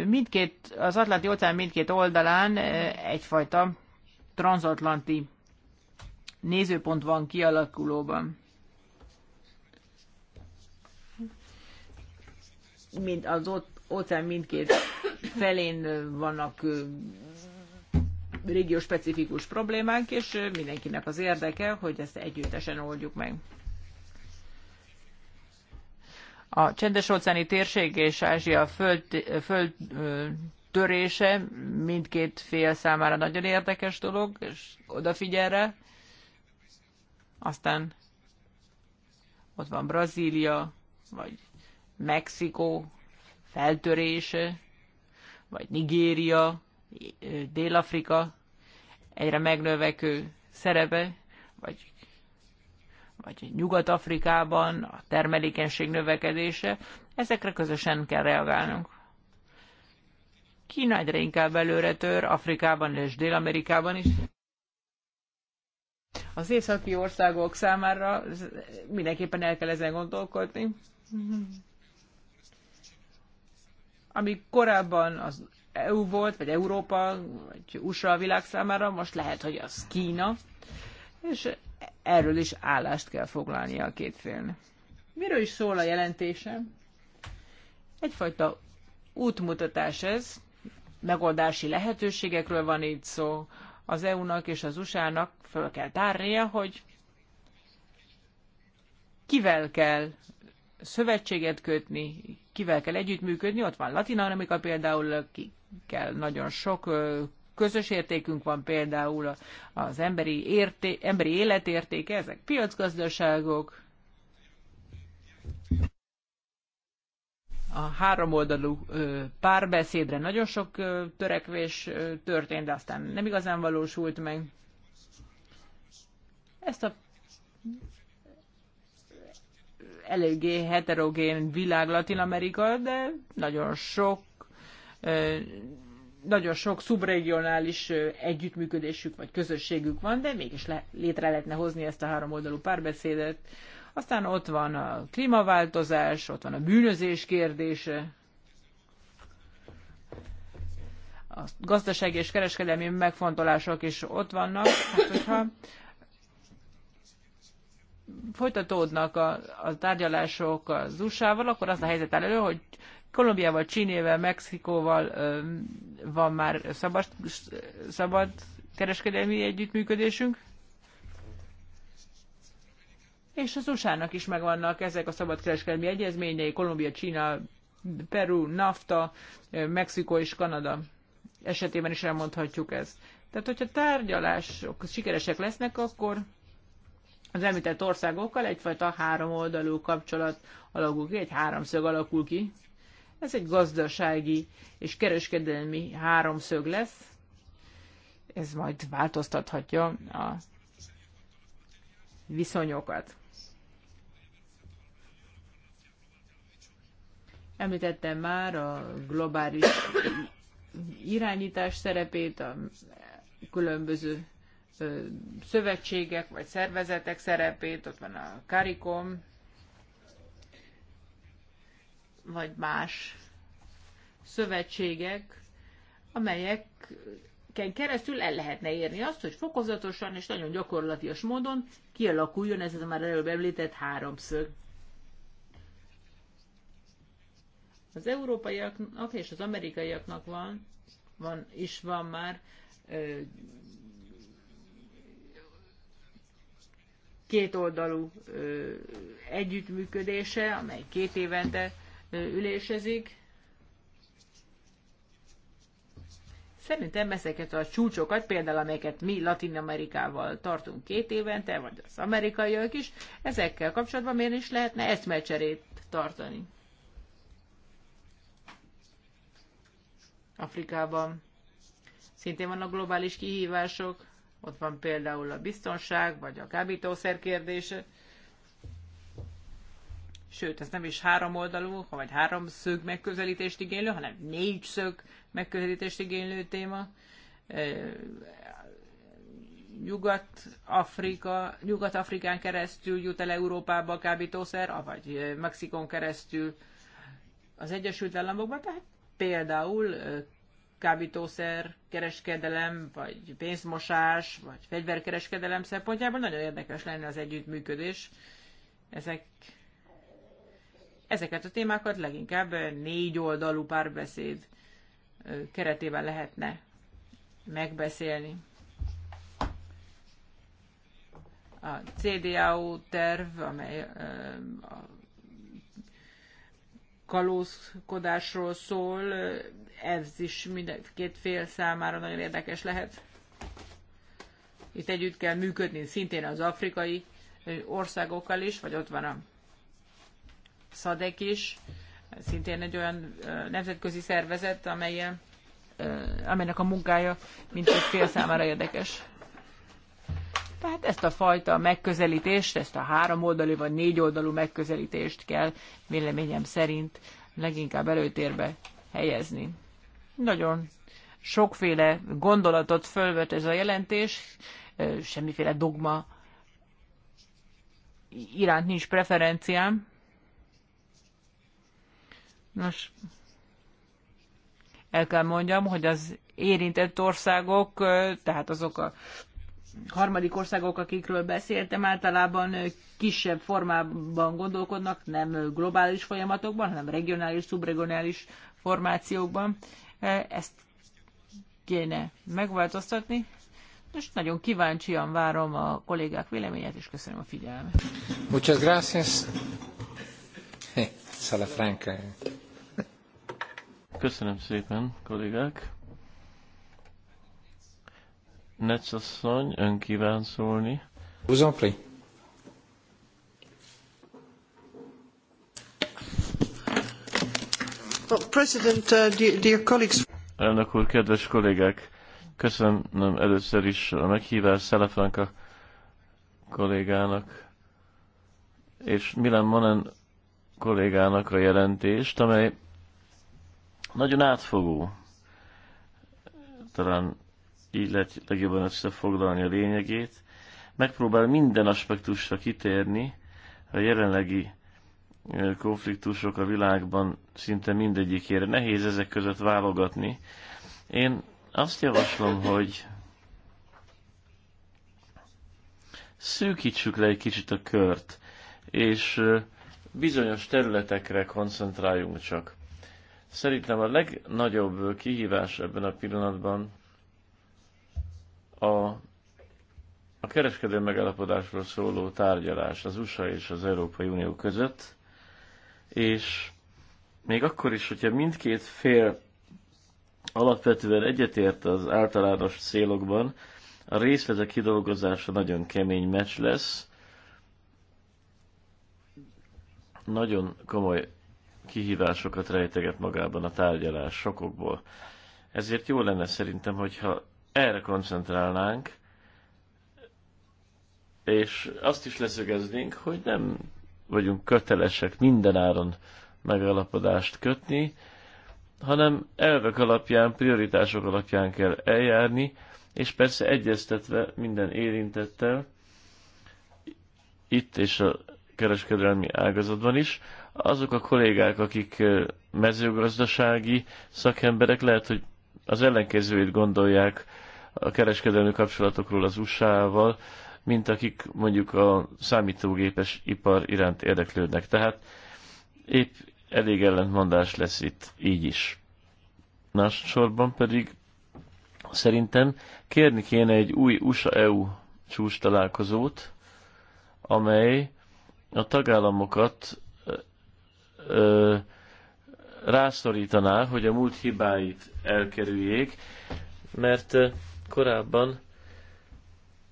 A: mindkét, az Atlanti óceán mindkét oldalán egyfajta transatlanti nézőpont van kialakulóban. Mind az óceán mindkét felén vannak régió specifikus problémánk, és mindenkinek az érdeke, hogy ezt együttesen oldjuk meg. A csendes-óceáni térség és Ázsia föld, föld törése mindkét fél számára nagyon érdekes dolog, és odafigyel rá. Aztán ott van Brazília, vagy Mexikó feltörése, vagy Nigéria, Dél-Afrika egyre megnövekő szerepe, vagy vagy Nyugat-Afrikában a termelékenység növekedése, ezekre közösen kell reagálnunk. Kína egyre inkább előre tör, Afrikában és Dél-Amerikában is. Az északi országok számára mindenképpen el kell ezen gondolkodni. Ami korábban az EU volt, vagy Európa, vagy USA a világ számára, most lehet, hogy az Kína. És erről is állást kell foglalnia a két félnek. Miről is szól a jelentésem? Egyfajta útmutatás ez, megoldási lehetőségekről van itt szó. Az EU-nak és az USA-nak föl kell tárnia, hogy kivel kell szövetséget kötni, kivel kell együttműködni. Ott van Latin Amerika például, ki kell nagyon sok közös értékünk van például az emberi, érté, emberi életértéke, ezek piacgazdaságok, a háromoldalú párbeszédre nagyon sok törekvés történt, de aztán nem igazán valósult meg. Ezt a eléggé heterogén világ Latin Amerika, de nagyon sok nagyon sok szubregionális együttműködésük vagy közösségük van, de mégis le, létre lehetne hozni ezt a három oldalú párbeszédet. Aztán ott van a klímaváltozás, ott van a bűnözés kérdése, a gazdasági és kereskedelmi megfontolások is ott vannak. Hát, hogyha folytatódnak a, a tárgyalások az USA-val, akkor az a helyzet elő, hogy Kolumbiával, Csínével, Mexikóval van már szabad, szabad kereskedelmi együttműködésünk, és az USA-nak is megvannak ezek a szabadkereskedelmi egyezményei, Kolumbia, Csína, Peru, NAFTA, Mexikó és Kanada esetében is elmondhatjuk ezt. Tehát, hogyha tárgyalások sikeresek lesznek, akkor az említett országokkal egyfajta háromoldalú kapcsolat alakul ki, egy háromszög alakul ki, ez egy gazdasági és kereskedelmi háromszög lesz. Ez majd változtathatja a viszonyokat. Említettem már a globális irányítás szerepét, a különböző szövetségek vagy szervezetek szerepét, ott van a CARICOM, vagy más szövetségek, amelyeken keresztül el lehetne érni azt, hogy fokozatosan és nagyon gyakorlatias módon kialakuljon ez a már előbb említett háromszög. Az európaiaknak és az amerikaiaknak van, van is van már ö, kétoldalú együttműködése, amely két évente ülésezik. Szerintem ezeket a csúcsokat, például amelyeket mi Latin Amerikával tartunk két évente, vagy az amerikaiak is, ezekkel kapcsolatban miért is lehetne eszmecserét tartani? Afrikában szintén vannak globális kihívások, ott van például a biztonság, vagy a kábítószer kérdése sőt, ez nem is három oldalú, vagy három szög megközelítést igénylő, hanem négy szög megközelítést igénylő téma. Nyugat-Afrika, Nyugat-Afrikán keresztül jut el Európába a kábítószer, vagy Mexikon keresztül az Egyesült Államokban, tehát például kábítószer kereskedelem, vagy pénzmosás, vagy fegyverkereskedelem szempontjából nagyon érdekes lenne az együttműködés. Ezek Ezeket a témákat leginkább négy oldalú párbeszéd keretében lehetne megbeszélni. A CDAO terv, amely a kalózkodásról szól, ez is mindkét fél számára nagyon érdekes lehet. Itt együtt kell működni szintén az afrikai országokkal is, vagy ott van a SZADEK is, szintén egy olyan nemzetközi szervezet, amelyen, amelynek a munkája mindkét fél számára érdekes. Tehát ezt a fajta megközelítést, ezt a három oldalú vagy négy oldalú megközelítést kell véleményem szerint leginkább előtérbe helyezni. Nagyon sokféle gondolatot fölvet ez a jelentés, semmiféle dogma iránt nincs preferenciám. Nos, el kell mondjam, hogy az érintett országok, tehát azok a harmadik országok, akikről beszéltem, általában kisebb formában gondolkodnak, nem globális folyamatokban, hanem regionális, szubregionális formációkban. Ezt kéne megváltoztatni. Most nagyon kíváncsian várom a kollégák véleményét, és köszönöm a figyelmet.
B: Muchas gracias. Eh, Salafranca. Köszönöm szépen, kollégák. Netsz ön kíván szólni. Vous
C: President, uh, dear colleagues.
B: Elnök úr, kedves kollégák, köszönöm először is a meghívást Szelefánka kollégának és Milan Manen kollégának a jelentést, amely nagyon átfogó. Talán így lehet legjobban összefoglalni a lényegét. Megpróbál minden aspektusra kitérni, a jelenlegi konfliktusok a világban szinte mindegyikére. Nehéz ezek között válogatni. Én azt javaslom, hogy szűkítsük le egy kicsit a kört, és bizonyos területekre koncentráljunk csak. Szerintem a legnagyobb kihívás ebben a pillanatban a, a kereskedő megállapodásról szóló tárgyalás az USA és az Európai Unió között, és még akkor is, hogyha mindkét fél alapvetően egyetért az általános célokban, a részletek kidolgozása nagyon kemény meccs lesz, nagyon komoly kihívásokat rejteget magában a tárgyalás sokokból. Ezért jó lenne szerintem, hogyha erre koncentrálnánk, és azt is leszögeznénk, hogy nem vagyunk kötelesek mindenáron megalapodást kötni, hanem elvek alapján, prioritások alapján kell eljárni, és persze egyeztetve minden érintettel, itt és a kereskedelmi ágazatban is, azok a kollégák, akik mezőgazdasági szakemberek, lehet, hogy az ellenkezőjét gondolják a kereskedelmi kapcsolatokról az USA-val, mint akik mondjuk a számítógépes ipar iránt érdeklődnek. Tehát épp elég ellentmondás lesz itt így is. Másodszorban pedig szerintem kérni kéne egy új USA-EU csúcs találkozót, amely a tagállamokat ö, rászorítaná, hogy a múlt hibáit elkerüljék, mert korábban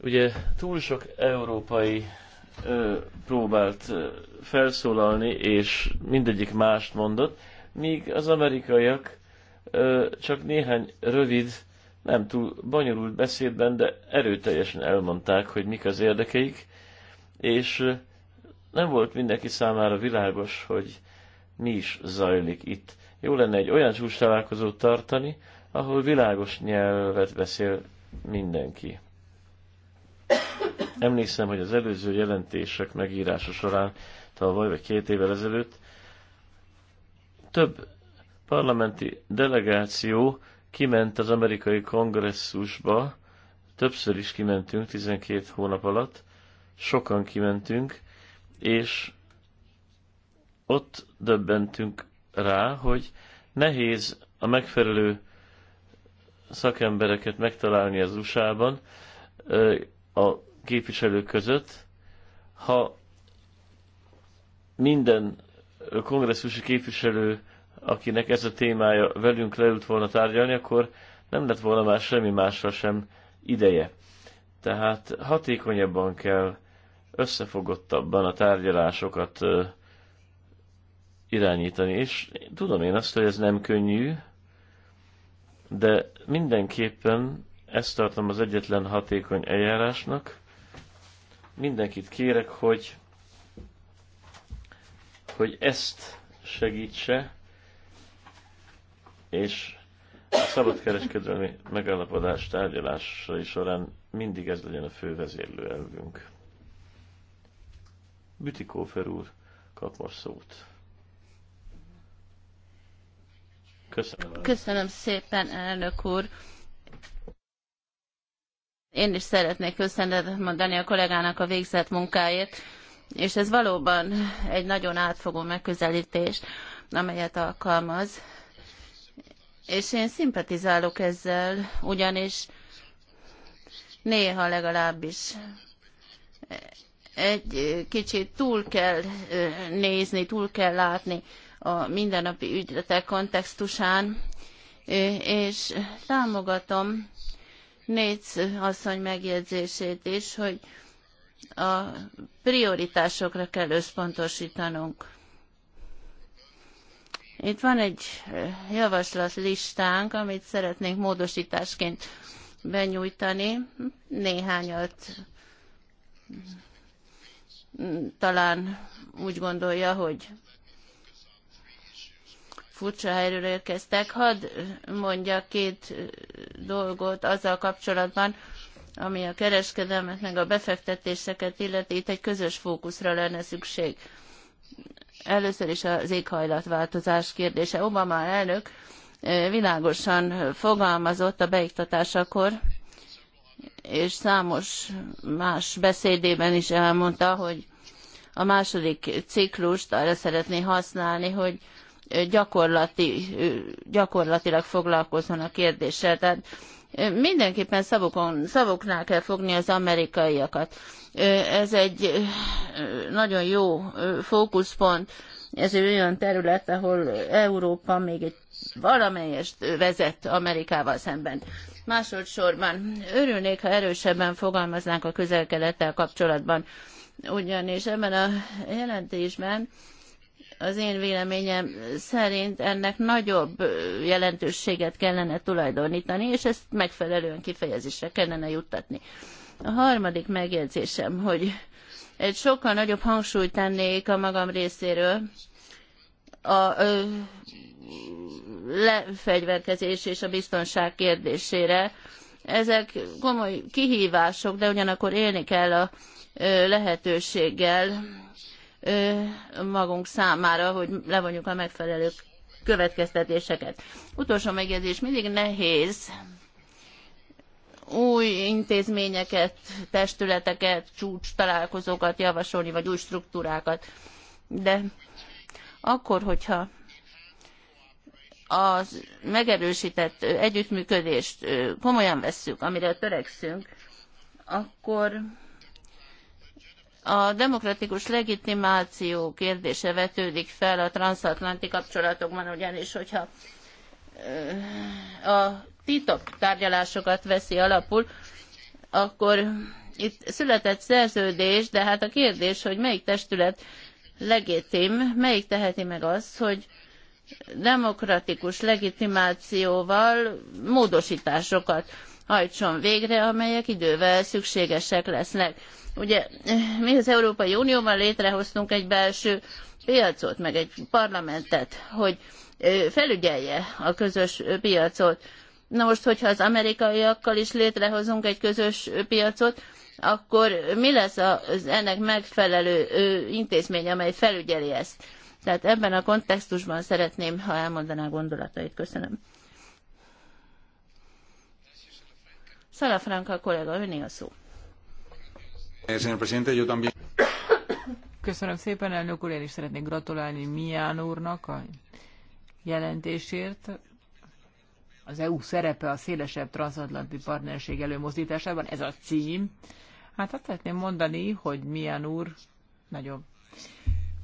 B: ugye túl sok európai ö, próbált ö, felszólalni, és mindegyik mást mondott, míg az amerikaiak ö, csak néhány rövid, nem túl bonyolult beszédben, de erőteljesen elmondták, hogy mik az érdekeik, és nem volt mindenki számára világos, hogy mi is zajlik itt. Jó lenne egy olyan csúcs találkozót tartani, ahol világos nyelvet beszél mindenki. Emlékszem, hogy az előző jelentések megírása során, tavaly vagy két évvel ezelőtt, több parlamenti delegáció kiment az amerikai kongresszusba, többször is kimentünk 12 hónap alatt, sokan kimentünk, és ott döbbentünk rá, hogy nehéz a megfelelő szakembereket megtalálni az USA-ban a képviselők között, ha minden kongresszusi képviselő, akinek ez a témája velünk leült volna tárgyalni, akkor nem lett volna már semmi másra sem ideje. Tehát hatékonyabban kell összefogottabban a tárgyalásokat irányítani. És tudom én azt, hogy ez nem könnyű, de mindenképpen ezt tartom az egyetlen hatékony eljárásnak. Mindenkit kérek, hogy, hogy ezt segítse, és a szabadkereskedelmi megállapodás tárgyalásai során mindig ez legyen a fő vezérlő elvünk. Bütikófer úr kap most szót. Köszönöm.
C: Köszönöm szépen, elnök úr. Én is szeretnék köszönetet mondani a kollégának a végzett munkáért, és ez valóban egy nagyon átfogó megközelítés, amelyet alkalmaz. És én szimpatizálok ezzel, ugyanis néha legalábbis egy kicsit túl kell nézni, túl kell látni a mindennapi ügyletek kontextusán, és támogatom Nétsz asszony megjegyzését is, hogy a prioritásokra kell összpontosítanunk. Itt van egy javaslat listánk, amit szeretnénk módosításként benyújtani. Néhányat talán úgy gondolja, hogy furcsa helyről érkeztek. Hadd mondja két dolgot azzal kapcsolatban, ami a kereskedelmet meg a befektetéseket illeti, itt egy közös fókuszra lenne szükség. Először is az éghajlatváltozás kérdése. Obama elnök eh, világosan fogalmazott a beiktatásakor, és számos más beszédében is elmondta, hogy a második ciklust arra szeretné használni, hogy gyakorlati, gyakorlatilag foglalkozzon a kérdéssel. Tehát mindenképpen szavukon, szavuknál kell fogni az amerikaiakat. Ez egy nagyon jó fókuszpont, ez egy olyan terület, ahol Európa még egy valamelyest vezet Amerikával szemben. Másodszorban örülnék, ha erősebben fogalmaznánk a közel-kelettel kapcsolatban, ugyanis ebben a jelentésben az én véleményem szerint ennek nagyobb jelentőséget kellene tulajdonítani, és ezt megfelelően kifejezésre kellene juttatni. A harmadik megjegyzésem, hogy egy sokkal nagyobb hangsúlyt tennék a magam részéről a ö, lefegyverkezés és a biztonság kérdésére. Ezek komoly kihívások, de ugyanakkor élni kell a ö, lehetőséggel magunk számára, hogy levonjuk a megfelelő következtetéseket. Utolsó megjegyzés, mindig nehéz új intézményeket, testületeket, csúcs találkozókat javasolni, vagy új struktúrákat. De akkor, hogyha az megerősített együttműködést komolyan vesszük, amire törekszünk, akkor a demokratikus legitimáció kérdése vetődik fel a transatlanti kapcsolatokban, ugyanis hogyha a titok tárgyalásokat veszi alapul, akkor itt született szerződés, de hát a kérdés, hogy melyik testület legitim, melyik teheti meg azt, hogy demokratikus legitimációval módosításokat hajtson végre, amelyek idővel szükségesek lesznek. Ugye mi az Európai Unióban létrehoztunk egy belső piacot, meg egy parlamentet, hogy felügyelje a közös piacot. Na most, hogyha az amerikaiakkal is létrehozunk egy közös piacot, akkor mi lesz az ennek megfelelő intézmény, amely felügyeli ezt? Tehát ebben a kontextusban szeretném, ha elmondaná gondolatait. Köszönöm. Salafranca kollega, öné a szó.
B: Eh,
A: Köszönöm szépen, elnök úr, én is szeretnék gratulálni Mián úrnak a jelentésért. Az EU szerepe a szélesebb transatlanti partnerség előmozdításában, ez a cím. Hát azt szeretném mondani, hogy Mián úr nagyon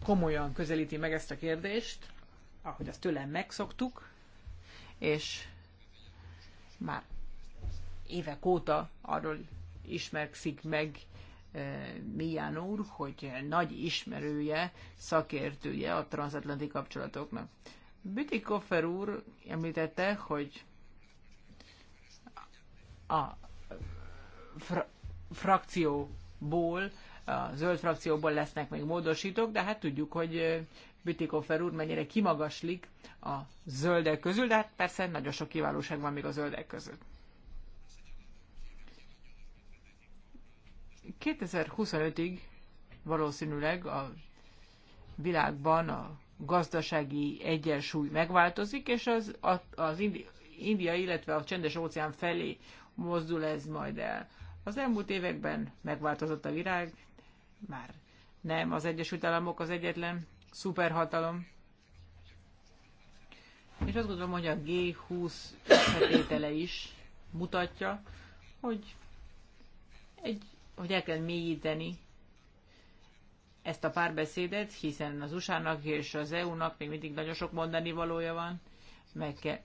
A: komolyan közelíti meg ezt a kérdést, ahogy azt tőlem megszoktuk, és már évek óta arról ismerkszik meg eh, Miján úr, hogy nagy ismerője, szakértője a transatlanti kapcsolatoknak. Koffer úr említette, hogy a fra- frakcióból, a zöld frakcióból lesznek még módosítók, de hát tudjuk, hogy eh, Bütikofer úr mennyire kimagaslik a zöldek közül, de hát persze nagyon sok kiválóság van még a zöldek között. 2025-ig valószínűleg a világban a gazdasági egyensúly megváltozik, és az, az Indi, India, illetve a csendes óceán felé mozdul ez majd el. Az elmúlt években megváltozott a virág, már nem az Egyesült Államok az egyetlen szuperhatalom. És azt gondolom, hogy a G20 összetétele is mutatja, hogy egy hogy el kell mélyíteni ezt a párbeszédet, hiszen az USA-nak és az EU-nak még mindig nagyon sok mondani valója van, meg kell,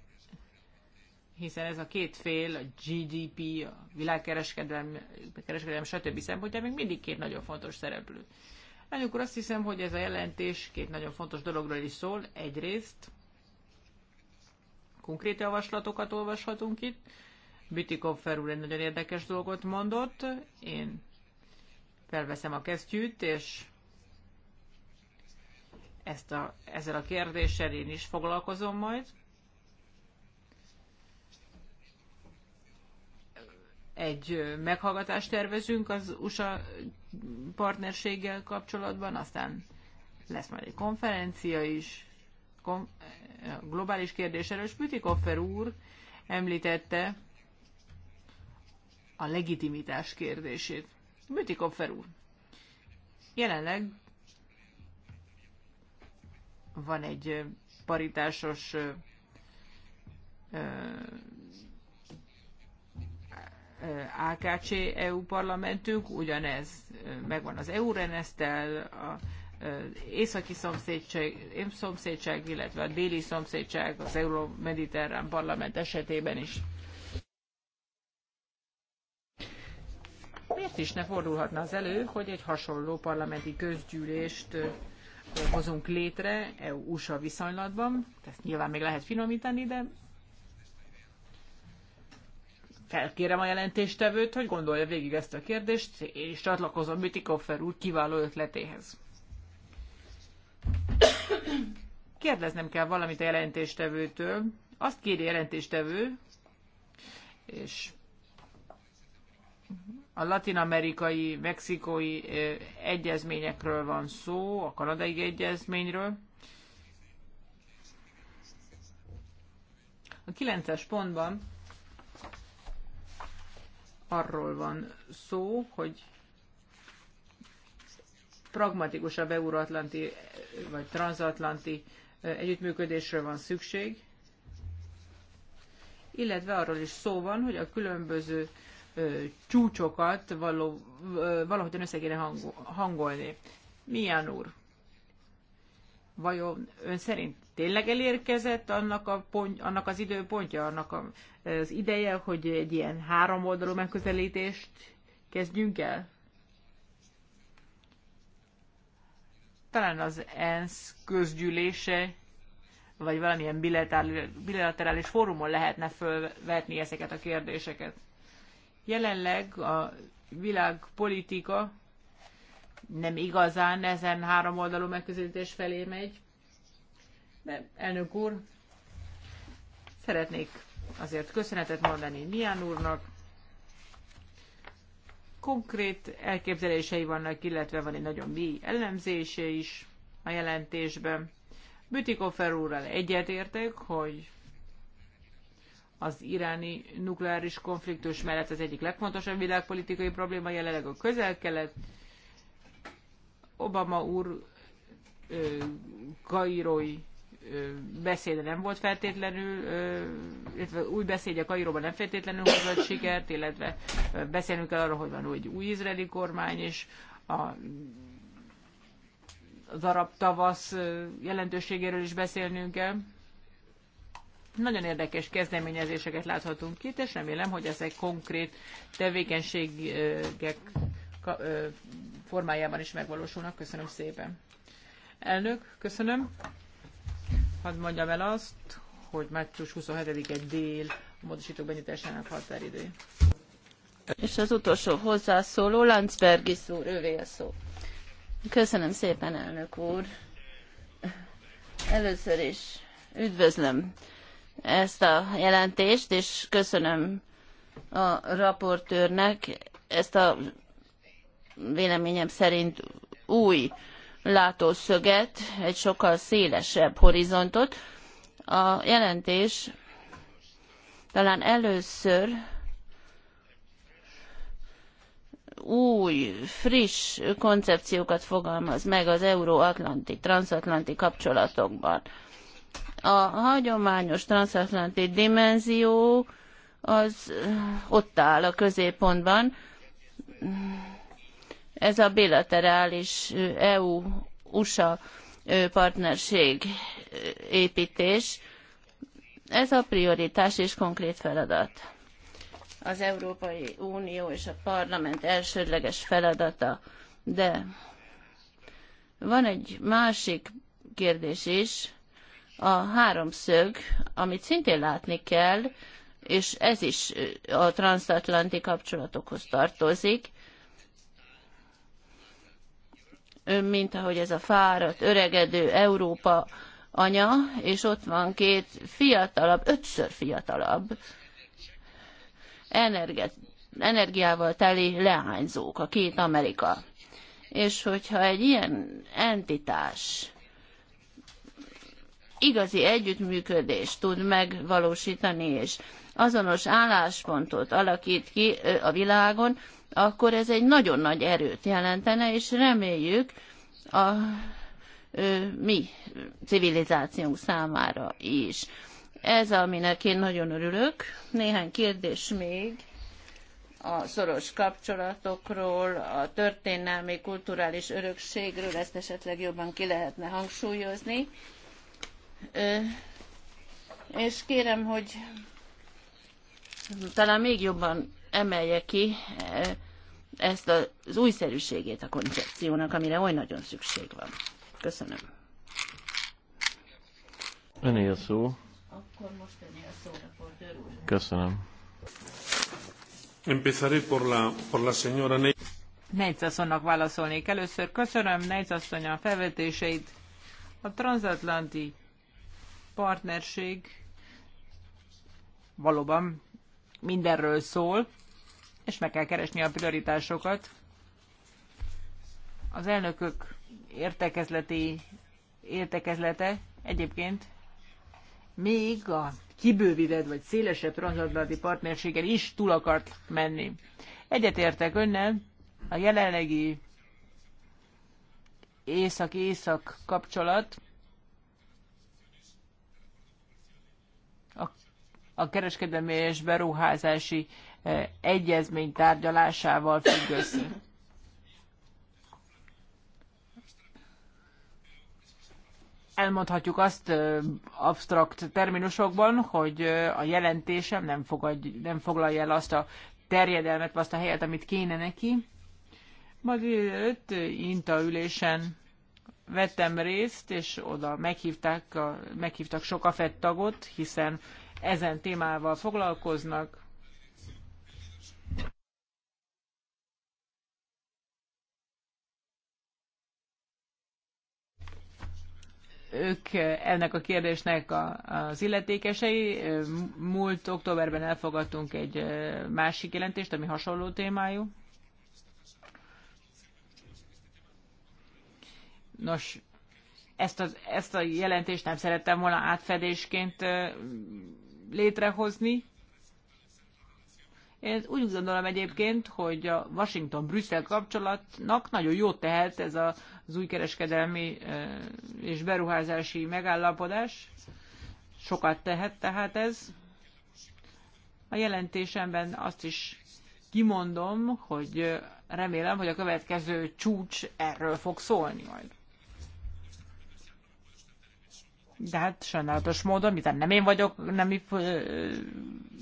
A: hiszen ez a két fél, a GDP, a világkereskedelem, kereskedelem, stb. szempontja még mindig két nagyon fontos szereplő. Nagyon akkor azt hiszem, hogy ez a jelentés két nagyon fontos dologról is szól. Egyrészt konkrét javaslatokat olvashatunk itt, Bütikoffer úr egy nagyon érdekes dolgot mondott. Én felveszem a kesztyűt, és ezt a, ezzel a kérdéssel én is foglalkozom majd. Egy meghallgatást tervezünk az USA partnerséggel kapcsolatban, aztán lesz majd egy konferencia is, kom, globális kérdés erős. Bütikoffer úr említette, a legitimitás kérdését. Bütikoffer úr, jelenleg van egy paritásos ö, ö, AKC EU parlamentünk, ugyanez megvan az EU-renesztel, az északi szomszédság, szomszédság, illetve a déli szomszédság az euró-mediterrán parlament esetében is. miért is ne fordulhatna az elő, hogy egy hasonló parlamenti közgyűlést hozunk létre EU-USA viszonylatban. Ezt nyilván még lehet finomítani, de felkérem a jelentéstevőt, hogy gondolja végig ezt a kérdést, és csatlakozom Mütikoffer úr kiváló ötletéhez. Kérdeznem kell valamit a jelentéstevőtől. Azt kéri jelentéstevő, és a latin-amerikai, mexikói egyezményekről van szó, a kanadai egyezményről. A kilences pontban arról van szó, hogy pragmatikusabb euróatlanti vagy transatlanti együttműködésről van szükség, illetve arról is szó van, hogy a különböző csúcsokat való, valahogyan össze kéne hangolni. Milyen úr? Vajon ön szerint tényleg elérkezett annak, a pont, annak az időpontja, annak a, az ideje, hogy egy ilyen három oldalú megközelítést kezdjünk el? Talán az ENSZ közgyűlése vagy valamilyen bilaterális fórumon lehetne fölvetni ezeket a kérdéseket. Jelenleg a világpolitika nem igazán ezen három oldalú megközelítés felé megy. De elnök úr, szeretnék azért köszönetet mondani Mián úrnak. Konkrét elképzelései vannak, illetve van egy nagyon mély ellenzése is a jelentésben. Bütikofer úrral egyetértek, hogy az iráni nukleáris konfliktus mellett az egyik legfontosabb világpolitikai probléma jelenleg a közel-kelet. Obama úr kairói beszéde nem volt feltétlenül, illetve új beszédje Kairóban nem feltétlenül hozott sikert, illetve beszélnünk kell arról, hogy van egy új izraeli kormány, és a, az arab tavasz jelentőségéről is beszélnünk kell. Nagyon érdekes kezdeményezéseket láthatunk itt, és remélem, hogy ezek konkrét tevékenységek formájában is megvalósulnak. Köszönöm szépen. Elnök, köszönöm. Hadd mondjam el azt, hogy március 27-e dél a módosítók benyitásának határidő.
C: És az utolsó hozzászóló, Landsbergis úr, ővé a szó. Köszönöm szépen, elnök úr. Először is üdvözlöm ezt a jelentést, és köszönöm a raportőrnek ezt a véleményem szerint új látószöget, egy sokkal szélesebb horizontot. A jelentés talán először új, friss koncepciókat fogalmaz meg az euróatlanti, transatlanti kapcsolatokban. A hagyományos transatlanti dimenzió az eh, ott áll a középpontban. Ez a bilaterális EU-USA eh, e eh, partnerség építés. Ez a prioritás és konkrét feladat. Az Európai Unió és a Parlament elsődleges feladata, de van egy másik kérdés is, a háromszög, amit szintén látni kell, és ez is a transatlanti kapcsolatokhoz tartozik, mint ahogy ez a fáradt, öregedő Európa anya, és ott van két fiatalabb, ötször fiatalabb, energiával teli leányzók, a két Amerika. És hogyha egy ilyen entitás igazi együttműködést tud megvalósítani, és azonos álláspontot alakít ki a világon, akkor ez egy nagyon nagy erőt jelentene, és reméljük a ö, mi civilizációnk számára is. Ez, aminek én nagyon örülök. Néhány kérdés még a szoros kapcsolatokról, a történelmi, kulturális örökségről, ezt esetleg jobban ki lehetne hangsúlyozni és kérem, hogy talán még jobban emelje ki ezt az újszerűségét a koncepciónak, amire oly nagyon szükség van. Köszönöm.
B: Öné a szó. Akkor most öné a szó, raportőr úr. Köszönöm. Empezaré por la, por la señora Ney.
A: Nejcasszonnak válaszolnék először. Köszönöm Nejcasszony a felvetéseit. A transatlanti partnerség valóban mindenről szól, és meg kell keresni a prioritásokat. Az elnökök értekezleti értekezlete egyébként még a kibővített vagy szélesebb transatlanti partnerséggel is túl akart menni. Egyetértek önnel, a jelenlegi észak-észak kapcsolat a, a kereskedelmi és beruházási e, egyezmény tárgyalásával függ össze. elmondhatjuk azt e, absztrakt terminusokban, hogy e, a jelentésem nem, fogadj, nem foglalja el azt a terjedelmet, vagy azt a helyet, amit kéne neki. Majd előtt, Inta ülésen vettem részt, és oda meghívták, a, meghívtak sok AFET tagot, hiszen ezen témával foglalkoznak. Ők ennek a kérdésnek a, az illetékesei. Múlt októberben elfogadtunk egy másik jelentést, ami hasonló témájú. Nos, ezt, az, ezt a jelentést nem szerettem volna átfedésként létrehozni. Én úgy gondolom egyébként, hogy a Washington-Brüsszel kapcsolatnak nagyon jót tehet ez az új kereskedelmi és beruházási megállapodás. Sokat tehet tehát ez. A jelentésemben azt is kimondom, hogy remélem, hogy a következő csúcs erről fog szólni majd de hát sajnálatos módon, mivel nem én vagyok, nem mi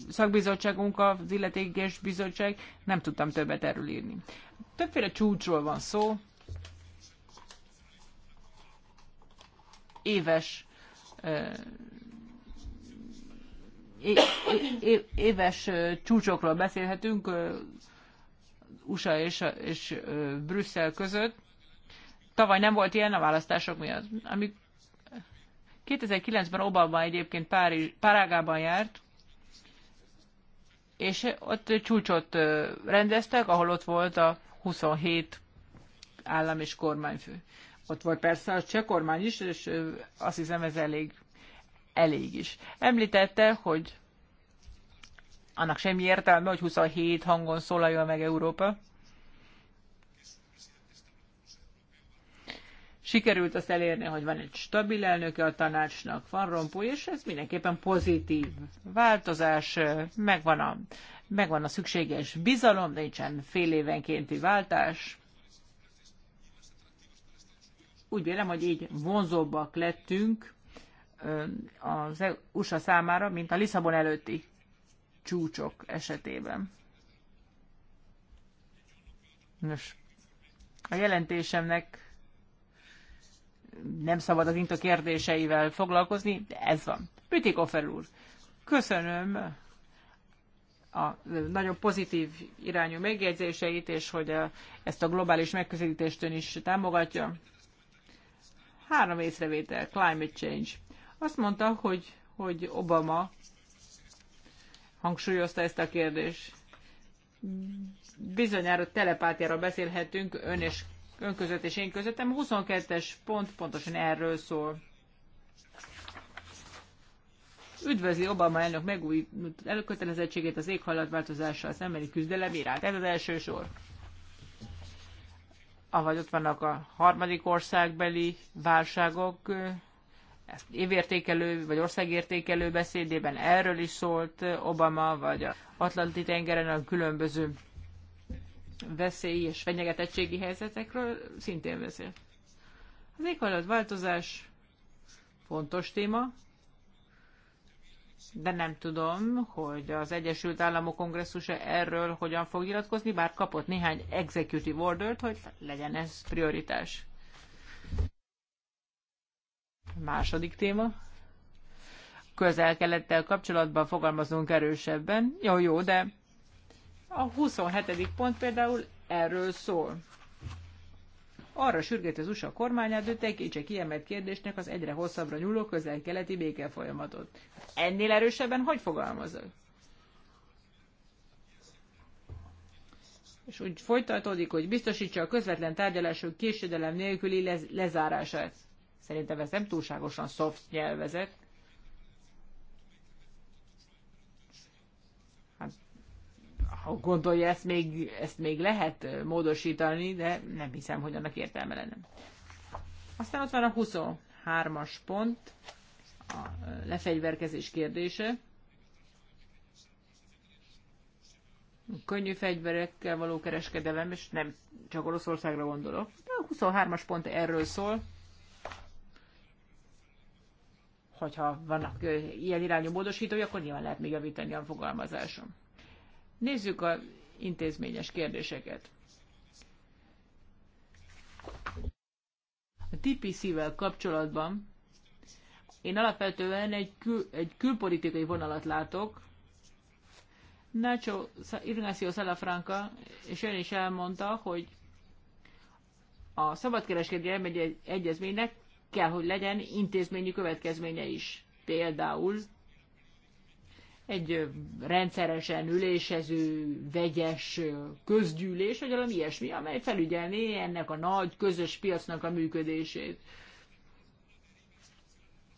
A: szakbizottságunk az illetékes bizottság, nem tudtam többet erről írni. Többféle csúcsról van szó. Éves éves csúcsokról beszélhetünk USA és, és Brüsszel között. Tavaly nem volt ilyen a választások miatt. Amik 2009-ben Obama egyébként Párizs, Párágában járt, és ott csúcsot rendeztek, ahol ott volt a 27 állam és kormányfő. Ott volt persze a cseh kormány is, és azt hiszem ez elég, elég is. Említette, hogy annak semmi értelme, hogy 27 hangon szólaljon meg Európa. Sikerült azt elérni, hogy van egy stabil elnöke a tanácsnak, van rompó, és ez mindenképpen pozitív változás, megvan a, megvan a szükséges bizalom, nincsen fél évenkénti váltás. Úgy vélem, hogy így vonzóbbak lettünk az e- USA számára, mint a Lisszabon előtti csúcsok esetében. Nos, a jelentésemnek nem szabad az INTA kérdéseivel foglalkozni, de ez van. Bütikofer úr, köszönöm a nagyon pozitív irányú megjegyzéseit, és hogy a, ezt a globális megközelítést ön is támogatja. Három észrevétel, climate change. Azt mondta, hogy, hogy Obama hangsúlyozta ezt a kérdést. Bizonyára telepátiára beszélhetünk, ön és ön között és én közöttem. 22-es pont pontosan erről szól. Üdvözli Obama elnök megújult elkötelezettségét az éghajlatváltozással szembeni küzdelem iránt. Ez az első sor. Ahogy ott vannak a harmadik országbeli válságok, ezt évértékelő vagy országértékelő beszédében erről is szólt Obama, vagy a Atlanti tengeren a különböző veszély és fenyegetettségi helyzetekről szintén beszél. Az éghajlatváltozás fontos téma, de nem tudom, hogy az Egyesült Államok kongresszusa erről hogyan fog nyilatkozni, bár kapott néhány executive ordert, hogy legyen ez prioritás. Második téma. Közel-kelettel kapcsolatban fogalmazunk erősebben. Jó, jó, de a 27. pont például erről szól. Arra sürgeti az USA kormányát, hogy tekintse kiemelt kérdésnek az egyre hosszabbra nyúló közel-keleti békefolyamatot. Ennél erősebben hogy fogalmazok? és úgy folytatódik, hogy biztosítsa a közvetlen tárgyalások késedelem nélküli lez- lezárását. Szerintem ez nem túlságosan soft nyelvezet. ha gondolja, ezt még, ezt még lehet módosítani, de nem hiszem, hogy annak értelme lenne. Aztán ott van a 23-as pont, a lefegyverkezés kérdése. Könnyű fegyverekkel való kereskedelem, és nem csak Oroszországra gondolok. De a 23-as pont erről szól, hogyha vannak ilyen irányú módosítói, akkor nyilván lehet még javítani a fogalmazásom. Nézzük az intézményes kérdéseket. A TPC-vel kapcsolatban én alapvetően egy, kül, egy külpolitikai vonalat látok. Nacho Ignacio Salafranca, és ön is elmondta, hogy a szabadkereskedelmi egyezménynek kell, hogy legyen intézményi következménye is. Például egy rendszeresen ülésező, vegyes közgyűlés, vagy valami ilyesmi, amely felügyelné ennek a nagy közös piacnak a működését.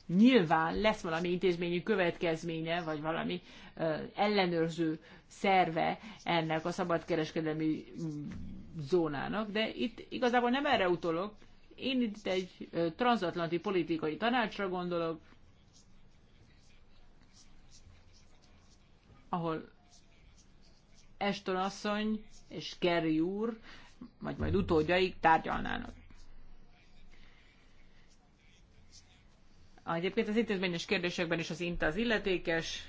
A: Nyilván lesz valami intézményi következménye, vagy valami ellenőrző szerve ennek a szabadkereskedelmi mm, zónának, de itt igazából nem erre utolok. Én itt egy transatlanti politikai tanácsra gondolok, ahol Eston asszony és Kerry úr, vagy majd utódjaik tárgyalnának. Egyébként az intézményes kérdésekben is az INTA az illetékes,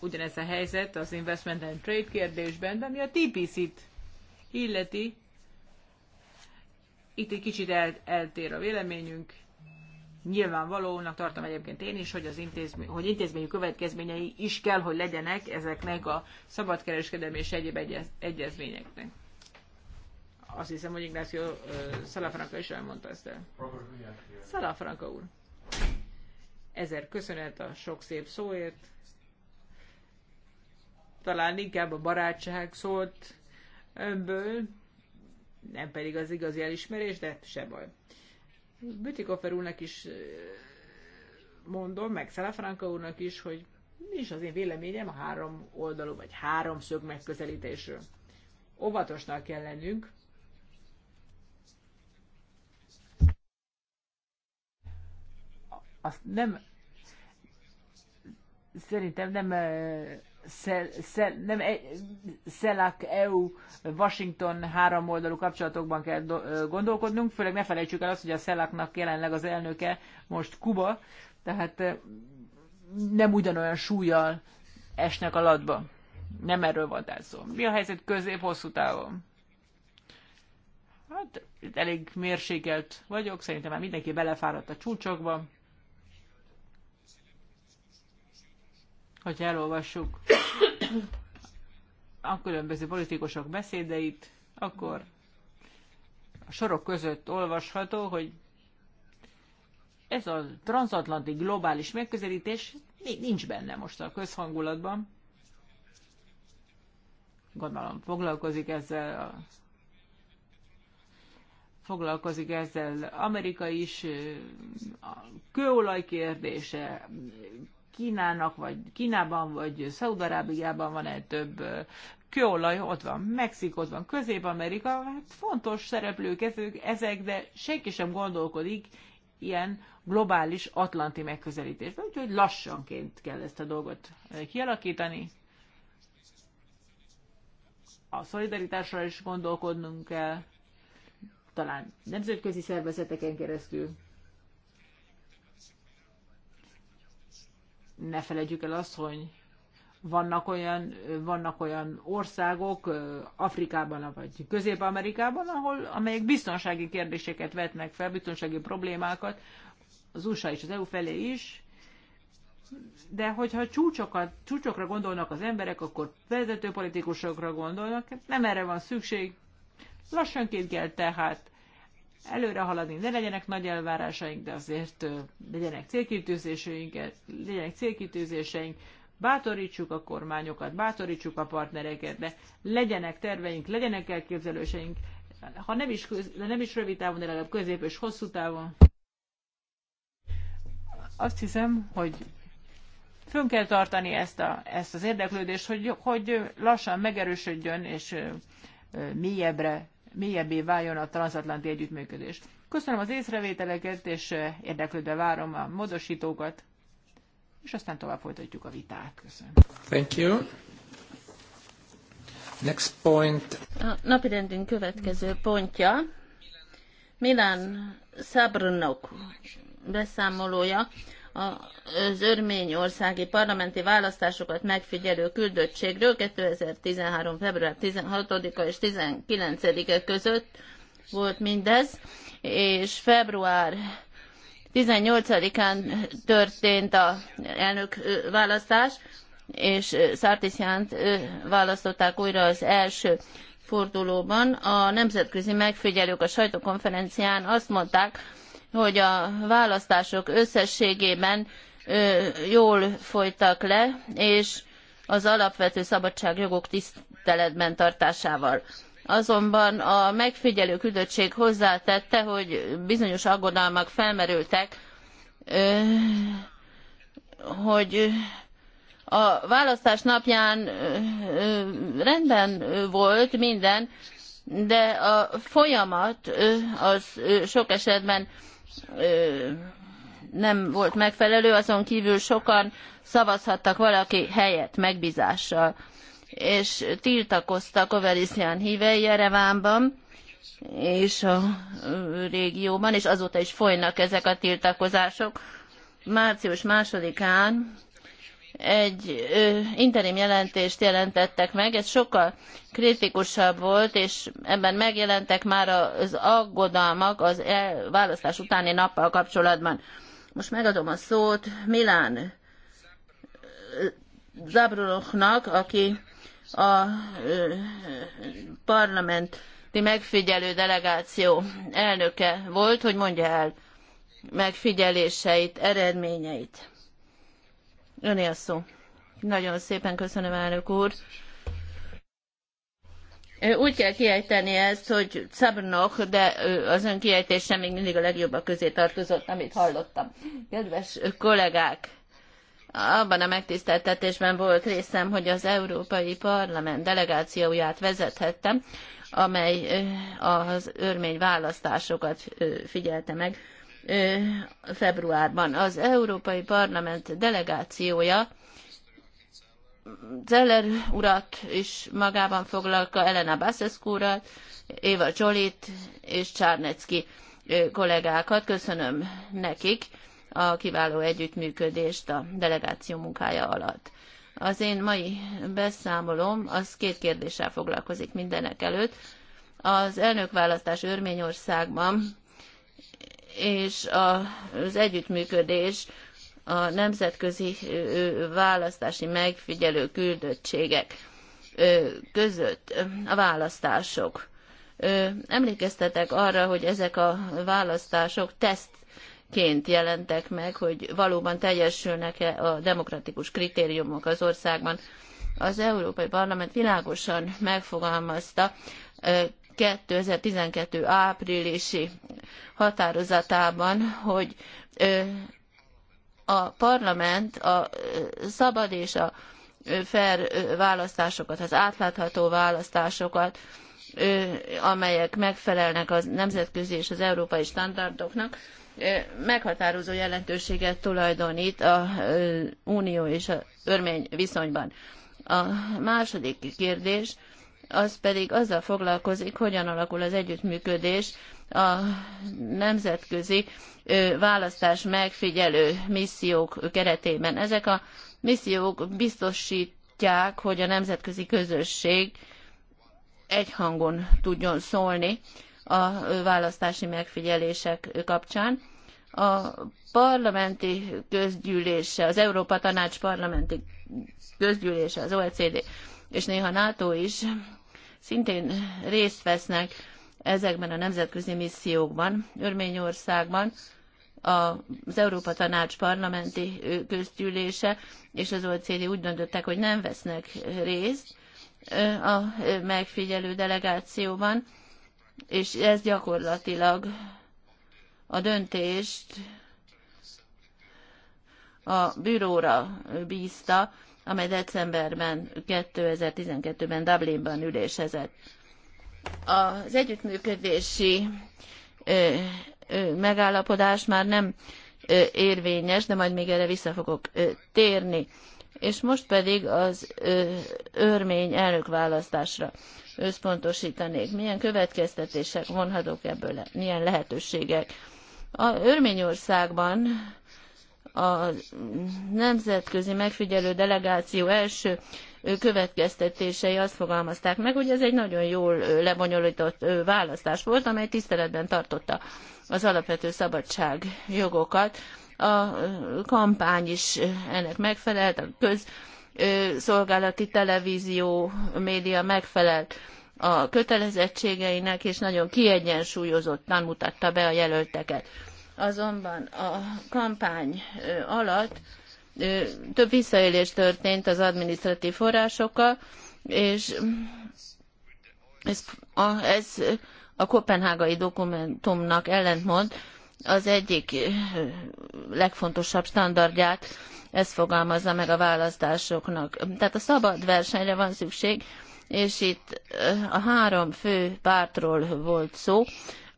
A: ugyanez a helyzet az investment and trade kérdésben, de ami a TPC-t illeti, itt egy kicsit el, eltér a véleményünk, Nyilvánvalónak tartom egyébként én is, hogy, az intézmény, hogy intézményi következményei is kell, hogy legyenek ezeknek a szabadkereskedelmi és egyéb egyez, egyezményeknek. Azt hiszem, hogy Ignacio Szalafranka is elmondta ezt el. Szalafranka úr. Ezer köszönet a sok szép szóért. Talán inkább a barátság szólt önből, nem pedig az igazi elismerés, de se baj. Bütikofer úrnak is mondom, meg Szelefranka úrnak is, hogy mi is az én véleményem a három oldalú vagy három szög megközelítésről. Óvatosnak kell lennünk. Azt nem szerintem nem Szel, szel, nem, Szelak EU Washington három oldalú kapcsolatokban kell do, gondolkodnunk, főleg ne felejtsük el azt, hogy a Szelaknak jelenleg az elnöke most Kuba, tehát nem ugyanolyan súlyjal esnek a latba. Nem erről van szó. Mi a helyzet közép-hosszú távon? Hát elég mérsékelt vagyok, szerintem már mindenki belefáradt a csúcsokba. hogyha elolvassuk a különböző politikusok beszédeit, akkor a sorok között olvasható, hogy ez a transatlanti globális megközelítés még nincs benne most a közhangulatban. Gondolom foglalkozik ezzel a foglalkozik ezzel Amerika is, a kőolaj kérdése, Kínának, vagy Kínában, vagy Szaudarábiában van-e több kőolaj, ott van Mexikó, ott van Közép-Amerika, hát fontos szereplők ezek, de senki sem gondolkodik ilyen globális atlanti megközelítésben, úgyhogy lassanként kell ezt a dolgot kialakítani. A szolidaritásra is gondolkodnunk kell, talán nemzetközi szervezeteken keresztül. ne felejtjük el azt, hogy vannak olyan, vannak olyan országok Afrikában vagy Közép-Amerikában, ahol, amelyek biztonsági kérdéseket vetnek fel, biztonsági problémákat, az USA és az EU felé is, de hogyha csúcsokat, csúcsokra gondolnak az emberek, akkor vezető politikusokra gondolnak, hát nem erre van szükség. Lassanként kell tehát előre haladni, ne legyenek nagy elvárásaink, de azért legyenek célkitűzéseinket, legyenek célkitűzéseink, bátorítsuk a kormányokat, bátorítsuk a partnereket, de legyenek terveink, legyenek elképzelőseink, ha nem is, de nem is rövid távon, de legalább közép és hosszú távon. Azt hiszem, hogy fönn kell tartani ezt, a, ezt az érdeklődést, hogy, hogy lassan megerősödjön és mélyebbre mélyebbé váljon a transatlanti együttműködés. Köszönöm az észrevételeket, és eh, érdeklődve várom a módosítókat,
C: és aztán tovább folytatjuk a vitát. Köszönöm.
A: Thank you. Next point.
C: A napirendünk következő pontja Milan Szabrnok beszámolója az örményországi parlamenti választásokat megfigyelő küldöttségről 2013. február 16-a és 19-e között volt mindez, és február 18-án történt a elnök választás, és Szártisjánt választották újra az első fordulóban. A nemzetközi megfigyelők a sajtókonferencián azt mondták, hogy a választások összességében jól folytak le, és az alapvető szabadságjogok tiszteletben tartásával. Azonban a megfigyelő küldöttség hozzátette, hogy bizonyos aggodalmak felmerültek, hogy a választás napján rendben volt minden, de a folyamat az sok esetben nem volt megfelelő, azon kívül sokan szavazhattak valaki helyett megbízással, és tiltakoztak Overiszian hívei Jerevánban, és a régióban, és azóta is folynak ezek a tiltakozások. Március másodikán egy ö, interim jelentést jelentettek meg, ez sokkal kritikusabb volt, és ebben megjelentek már az aggodalmak az választás utáni nappal kapcsolatban. Most megadom a szót Milán Zabroloknak, aki a ö, parlamenti megfigyelő delegáció elnöke volt, hogy mondja el megfigyeléseit, eredményeit. Önél szó. Nagyon szépen köszönöm, elnök úr. Úgy kell kiejteni ezt, hogy Szabnok, de az ön kiejtése még mindig a legjobb a közé tartozott, amit hallottam. Kedves kollégák, abban a megtiszteltetésben volt részem, hogy az Európai Parlament delegációját vezethettem, amely az örmény választásokat figyelte meg februárban. Az Európai Parlament delegációja Zeller urat is magában foglalka, Elena Basescu urat, Éva Jolit és Csárnecki kollégákat. Köszönöm nekik a kiváló együttműködést a delegáció munkája alatt. Az én mai beszámolom, az két kérdéssel foglalkozik mindenek előtt. Az elnökválasztás Örményországban és az együttműködés a nemzetközi választási megfigyelő küldöttségek között a választások. Emlékeztetek arra, hogy ezek a választások tesztként jelentek meg, hogy valóban teljesülnek-e a demokratikus kritériumok az országban. Az Európai Parlament világosan megfogalmazta 2012. áprilisi határozatában, hogy a parlament a szabad és a fair választásokat, az átlátható választásokat, amelyek megfelelnek a nemzetközi és az európai standardoknak, meghatározó jelentőséget tulajdonít a Unió és a örmény viszonyban. A második kérdés az pedig azzal foglalkozik, hogyan alakul az együttműködés a nemzetközi választás megfigyelő missziók keretében. Ezek a missziók biztosítják, hogy a nemzetközi közösség egyhangon tudjon szólni a választási megfigyelések kapcsán. A parlamenti közgyűlése, az Európa Tanács parlamenti közgyűlése, az OECD és néha NATO is szintén részt vesznek ezekben a nemzetközi missziókban, Örményországban, az Európa Tanács parlamenti közgyűlése és az OECD úgy döntöttek, hogy nem vesznek részt a megfigyelő delegációban, és ez gyakorlatilag a döntést a büróra bízta, amely decemberben 2012-ben Dublinban ülésezett. Az együttműködési ö, ö, megállapodás már nem ö, érvényes, de majd még erre vissza fogok térni. És most pedig az örmény választásra összpontosítanék. Milyen következtetések vonhatók ebből Milyen lehetőségek? A Örményországban a nemzetközi megfigyelő delegáció első következtetései azt fogalmazták meg, hogy ez egy nagyon jól lebonyolított választás volt, amely tiszteletben tartotta az alapvető szabadság jogokat. A kampány is ennek megfelelt, a közszolgálati televízió média megfelelt a kötelezettségeinek, és nagyon kiegyensúlyozottan mutatta be a jelölteket azonban a kampány alatt több visszaélés történt az adminisztratív forrásokkal, és ez a, ez a kopenhágai dokumentumnak ellentmond, az egyik legfontosabb standardját, ez fogalmazza meg a választásoknak. Tehát a szabad versenyre van szükség, és itt a három fő pártról volt szó,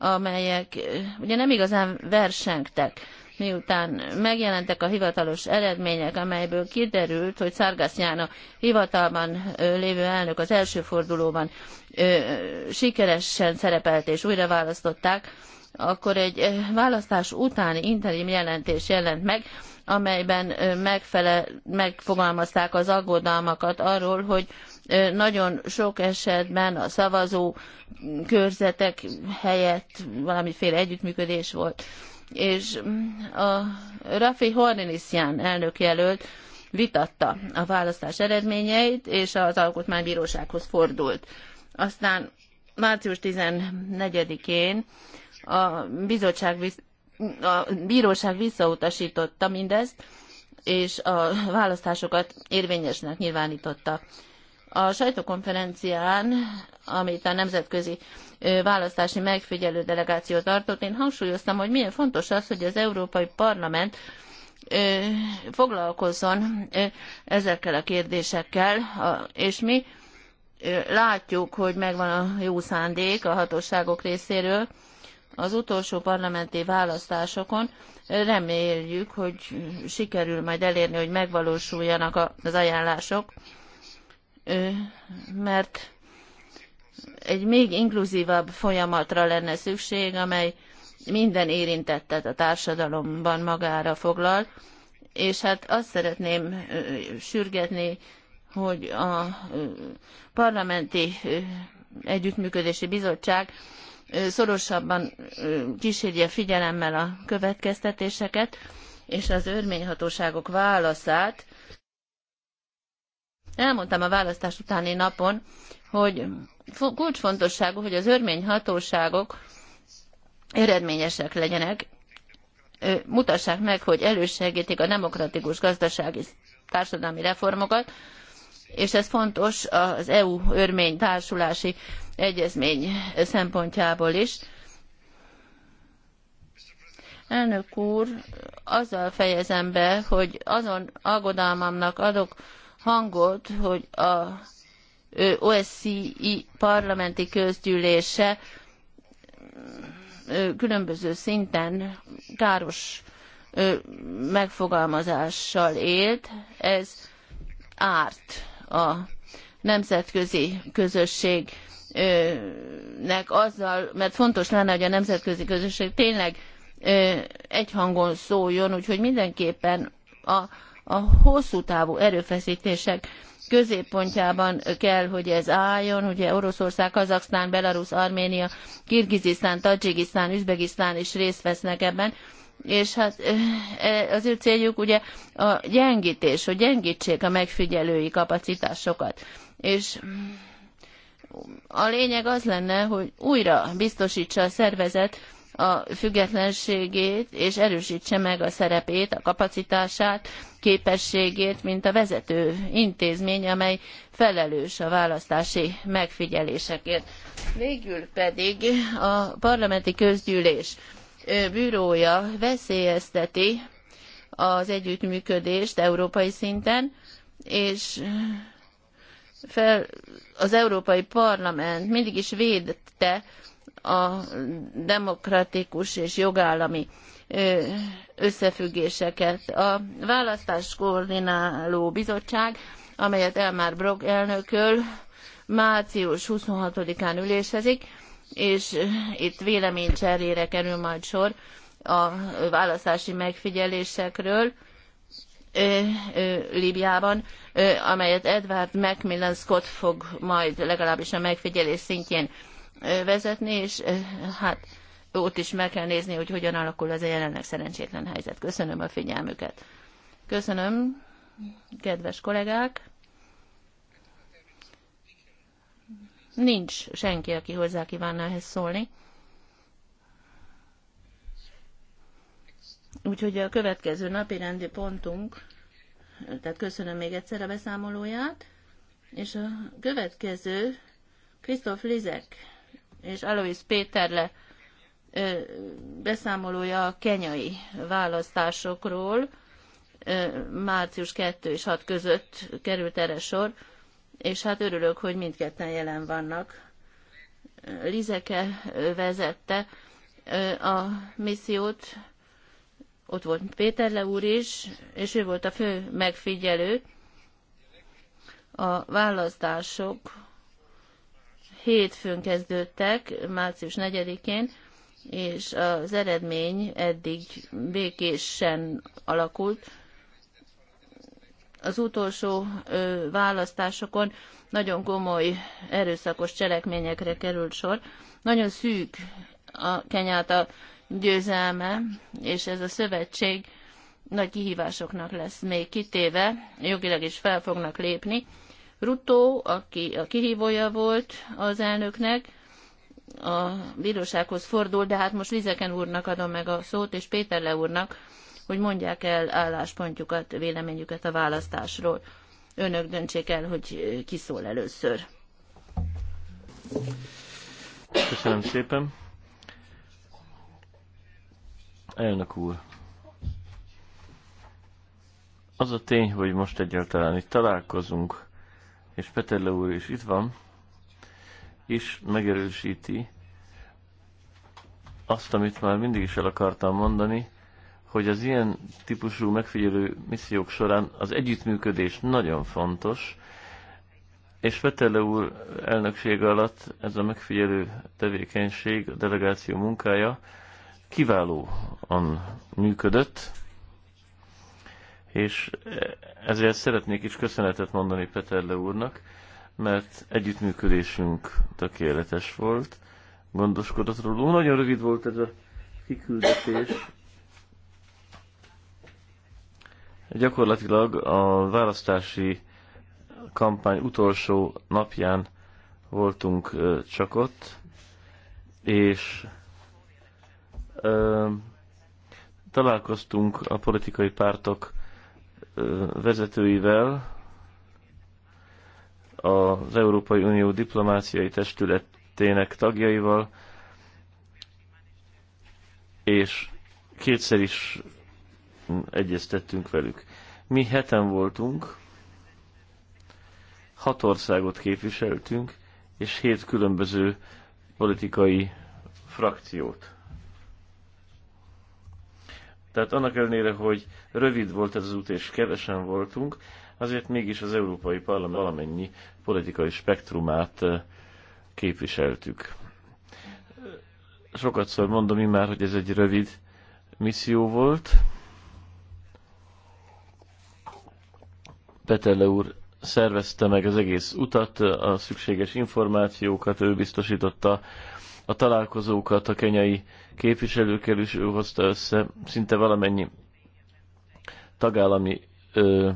C: amelyek ugye nem igazán versengtek miután megjelentek a hivatalos eredmények, amelyből kiderült, hogy Szárgászján a hivatalban lévő elnök az első fordulóban ö, sikeresen szerepelt és újra választották, akkor egy választás utáni interim jelentés jelent meg, amelyben megfele, megfogalmazták az aggodalmakat arról, hogy nagyon sok esetben a szavazó körzetek helyett valamiféle együttműködés volt. És mm, a Rafi Horninisyan elnök jelölt vitatta a választás eredményeit, és az Alkotmánybírósághoz fordult. Aztán március 14-én a, bizottság, a bíróság visszautasította mindezt, és a választásokat érvényesnek nyilvánította. A sajtókonferencián, amit a Nemzetközi Választási Megfigyelő Delegáció tartott, én hangsúlyoztam, hogy milyen fontos az, hogy az Európai Parlament foglalkozzon ezekkel a kérdésekkel, és mi látjuk, hogy megvan a jó szándék a hatóságok részéről. Az utolsó parlamenti választásokon reméljük, hogy sikerül majd elérni, hogy megvalósuljanak az ajánlások mert egy még inkluzívabb folyamatra lenne szükség, amely minden érintettet a társadalomban magára foglal, és hát azt szeretném sürgetni, hogy a parlamenti együttműködési bizottság szorosabban kísérje figyelemmel a következtetéseket, és az örményhatóságok válaszát, elmondtam a választás utáni napon, hogy kulcsfontosságú, hogy az örmény hatóságok eredményesek legyenek, mutassák meg, hogy elősegítik a demokratikus gazdasági társadalmi reformokat, és ez fontos az EU örmény társulási egyezmény szempontjából is. Elnök úr, azzal fejezem be, hogy azon aggodalmamnak adok hangot, hogy a OSCE parlamenti közgyűlése különböző szinten káros megfogalmazással élt. Ez árt a nemzetközi közösségnek azzal, mert fontos lenne, hogy a nemzetközi közösség tényleg egyhangon szóljon, úgyhogy mindenképpen a a hosszú távú erőfeszítések középpontjában kell, hogy ez álljon. Ugye Oroszország, Kazaksztán, Belarus, Arménia, Kirgizisztán, Tadzsigisztán, Üzbegisztán is részt vesznek ebben és hát e, az ő céljuk ugye a gyengítés, hogy gyengítsék a megfigyelői kapacitásokat. És a lényeg az lenne, hogy újra biztosítsa a szervezet, a függetlenségét, és erősítse meg a szerepét, a kapacitását, képességét, mint a vezető intézmény, amely felelős a választási megfigyelésekért. Végül pedig a parlamenti közgyűlés bűrója veszélyezteti az együttműködést európai szinten, és fel, az Európai Parlament mindig is védte a demokratikus és jogállami összefüggéseket. A választás koordináló bizottság, amelyet Elmár Brog elnököl, március 26-án ülésezik, és itt véleménycserére kerül majd sor a választási megfigyelésekről Líbiában, amelyet Edward Macmillan Scott fog majd legalábbis a megfigyelés szintjén vezetni, és eh, hát ott is meg kell nézni, hogy hogyan alakul az a jelenleg szerencsétlen helyzet. Köszönöm a figyelmüket. Köszönöm, kedves kollégák. Nincs senki, aki hozzá kívánna ehhez szólni. Úgyhogy a következő napi rendi pontunk, tehát köszönöm még egyszer a beszámolóját, és a következő Krisztof Lizek és Alois Péterle beszámolója a kenyai választásokról március 2 és 6 között került erre sor, és hát örülök, hogy mindketten jelen vannak. Lizeke vezette a missziót, ott volt Péterle úr is, és ő volt a fő megfigyelő a választások hétfőn kezdődtek, március 4-én, és az eredmény eddig békésen alakult. Az utolsó választásokon nagyon komoly erőszakos cselekményekre került sor. Nagyon szűk a Kenyáta győzelme, és ez a szövetség nagy kihívásoknak lesz még kitéve, jogilag is fel fognak lépni, Rutó, aki a kihívója volt az elnöknek, a bírósághoz fordul, de hát most Vizeken úrnak adom meg a szót, és Péterle úrnak, hogy mondják el álláspontjukat, véleményüket a választásról. Önök döntsék el, hogy ki szól először.
B: Köszönöm szépen. Elnök úr, az a tény, hogy most egyáltalán itt találkozunk, és Peterle úr is itt van, is megerősíti azt, amit már mindig is el akartam mondani, hogy az ilyen típusú megfigyelő missziók során az együttműködés nagyon fontos, és Vetele úr elnöksége alatt ez a megfigyelő tevékenység, a delegáció munkája kiválóan működött, és eh, ezért szeretnék is köszönetet mondani Peterle úrnak, mert együttműködésünk tökéletes volt, gondoskodott róla. Nagyon rövid volt ez a kiküldetés. Gyakorlatilag a választási kampány utolsó napján voltunk eh, csak ott, és ö, eh, találkoztunk a politikai pártok vezetőivel az Európai Unió diplomáciai testületének tagjaival, és kétszer is egyeztettünk velük. Mi heten voltunk, hat országot képviseltünk, és hét különböző politikai frakciót. Tehát annak ellenére, hogy rövid volt ez az út és kevesen voltunk, azért mégis az Európai Parlament valamennyi politikai spektrumát képviseltük. Sokat szor mondom én már, hogy ez egy rövid misszió volt. Petele úr szervezte meg az egész utat, a szükséges információkat ő biztosította, a találkozókat a kenyai képviselőkkel is ő hozta össze, szinte valamennyi tagállami ö,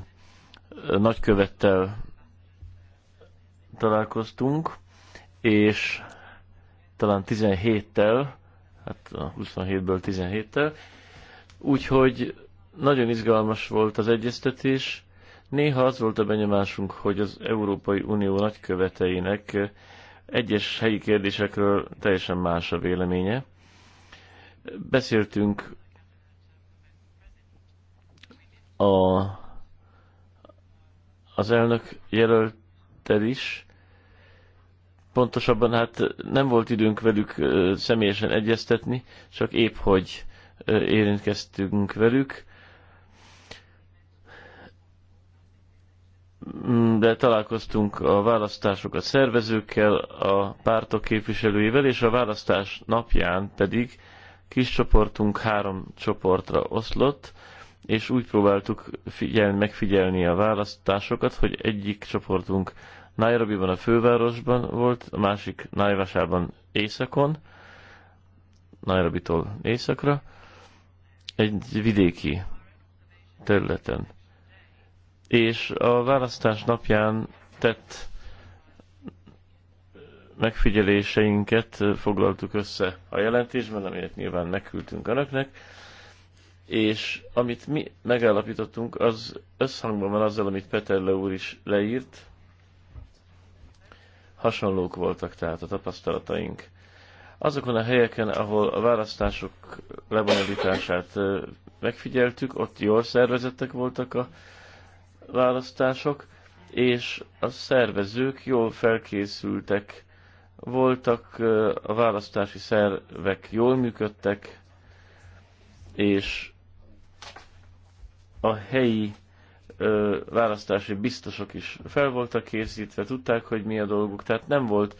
B: ö, nagykövettel találkoztunk, és talán 17-tel, hát a 27-ből 17-tel, úgyhogy nagyon izgalmas volt az egyeztetés. Néha az volt a benyomásunk, hogy az Európai Unió nagyköveteinek egyes helyi kérdésekről teljesen más a véleménye. Beszéltünk a, az elnök jelöltel is, pontosabban hát nem volt időnk velük személyesen egyeztetni, csak épp hogy érintkeztünk velük. de találkoztunk a választásokat szervezőkkel, a pártok képviselőivel, és a választás napján pedig kis csoportunk három csoportra oszlott, és úgy próbáltuk figyel, megfigyelni a választásokat, hogy egyik csoportunk Nairobiban, a fővárosban volt, a másik Nájvásában északon, Nairobitól északra, egy vidéki területen és a választás napján tett megfigyeléseinket foglaltuk össze a jelentésben, amelyet nyilván megküldtünk önöknek, és amit mi megállapítottunk, az összhangban van azzal, amit Peterle úr is leírt. Hasonlók voltak tehát a tapasztalataink. Azokon a helyeken, ahol a választások lebonyolítását megfigyeltük, ott jól szervezettek voltak a választások, és a szervezők jól felkészültek voltak, a választási szervek jól működtek, és a helyi ö, választási biztosok is fel voltak készítve, tudták, hogy mi a dolguk, tehát nem volt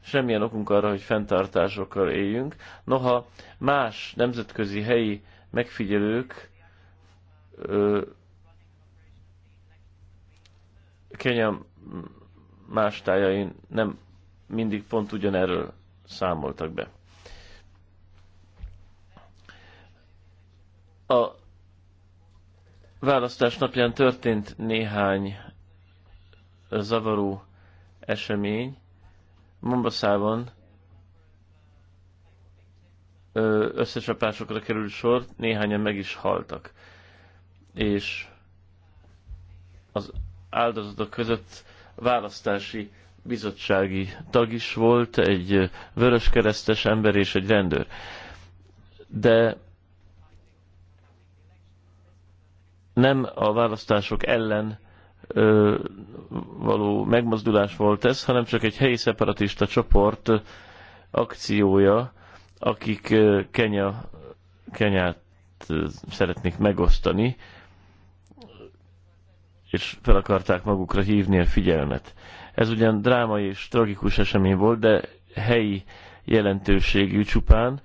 B: semmilyen okunk arra, hogy fenntartásokkal éljünk. Noha más nemzetközi helyi megfigyelők ö, Kenya más tájain nem mindig pont ugyanerről számoltak be. A választás napján történt néhány zavaró esemény. Mombaszában összecsapásokra került sor, néhányan meg is haltak. És az áldozatok között választási bizottsági tag is volt, egy vöröskeresztes ember és egy rendőr. De nem a választások ellen ö, való megmozdulás volt ez, hanem csak egy helyi szeparatista csoport akciója, akik Kenya, Kenyát szeretnék megosztani és fel akarták magukra hívni a figyelmet. Ez ugyan drámai és tragikus esemény volt, de helyi jelentőségű csupán,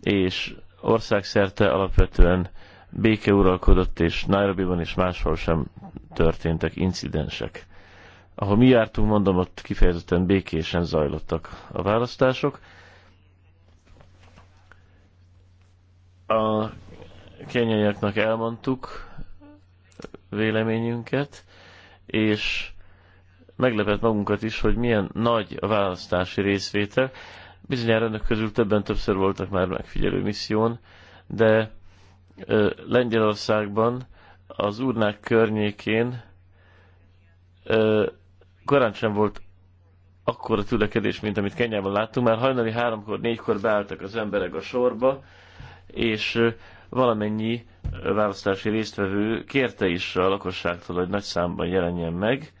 B: és országszerte alapvetően béke uralkodott, és Nairobiban és máshol sem történtek incidensek. Ahol mi jártunk, mondom, ott kifejezetten békésen zajlottak a választások. A kenyaiaknak elmondtuk, véleményünket, és meglepett magunkat is, hogy milyen nagy a választási részvétel. Bizonyára önök közül többen többször voltak már megfigyelő misszión, de Lengyelországban az urnák környékén korán sem volt a tülekedés, mint amit Kenyában láttunk. Már hajnali háromkor, négykor beálltak az emberek a sorba, és valamennyi választási résztvevő kérte is a lakosságtól, hogy nagy számban jelenjen meg.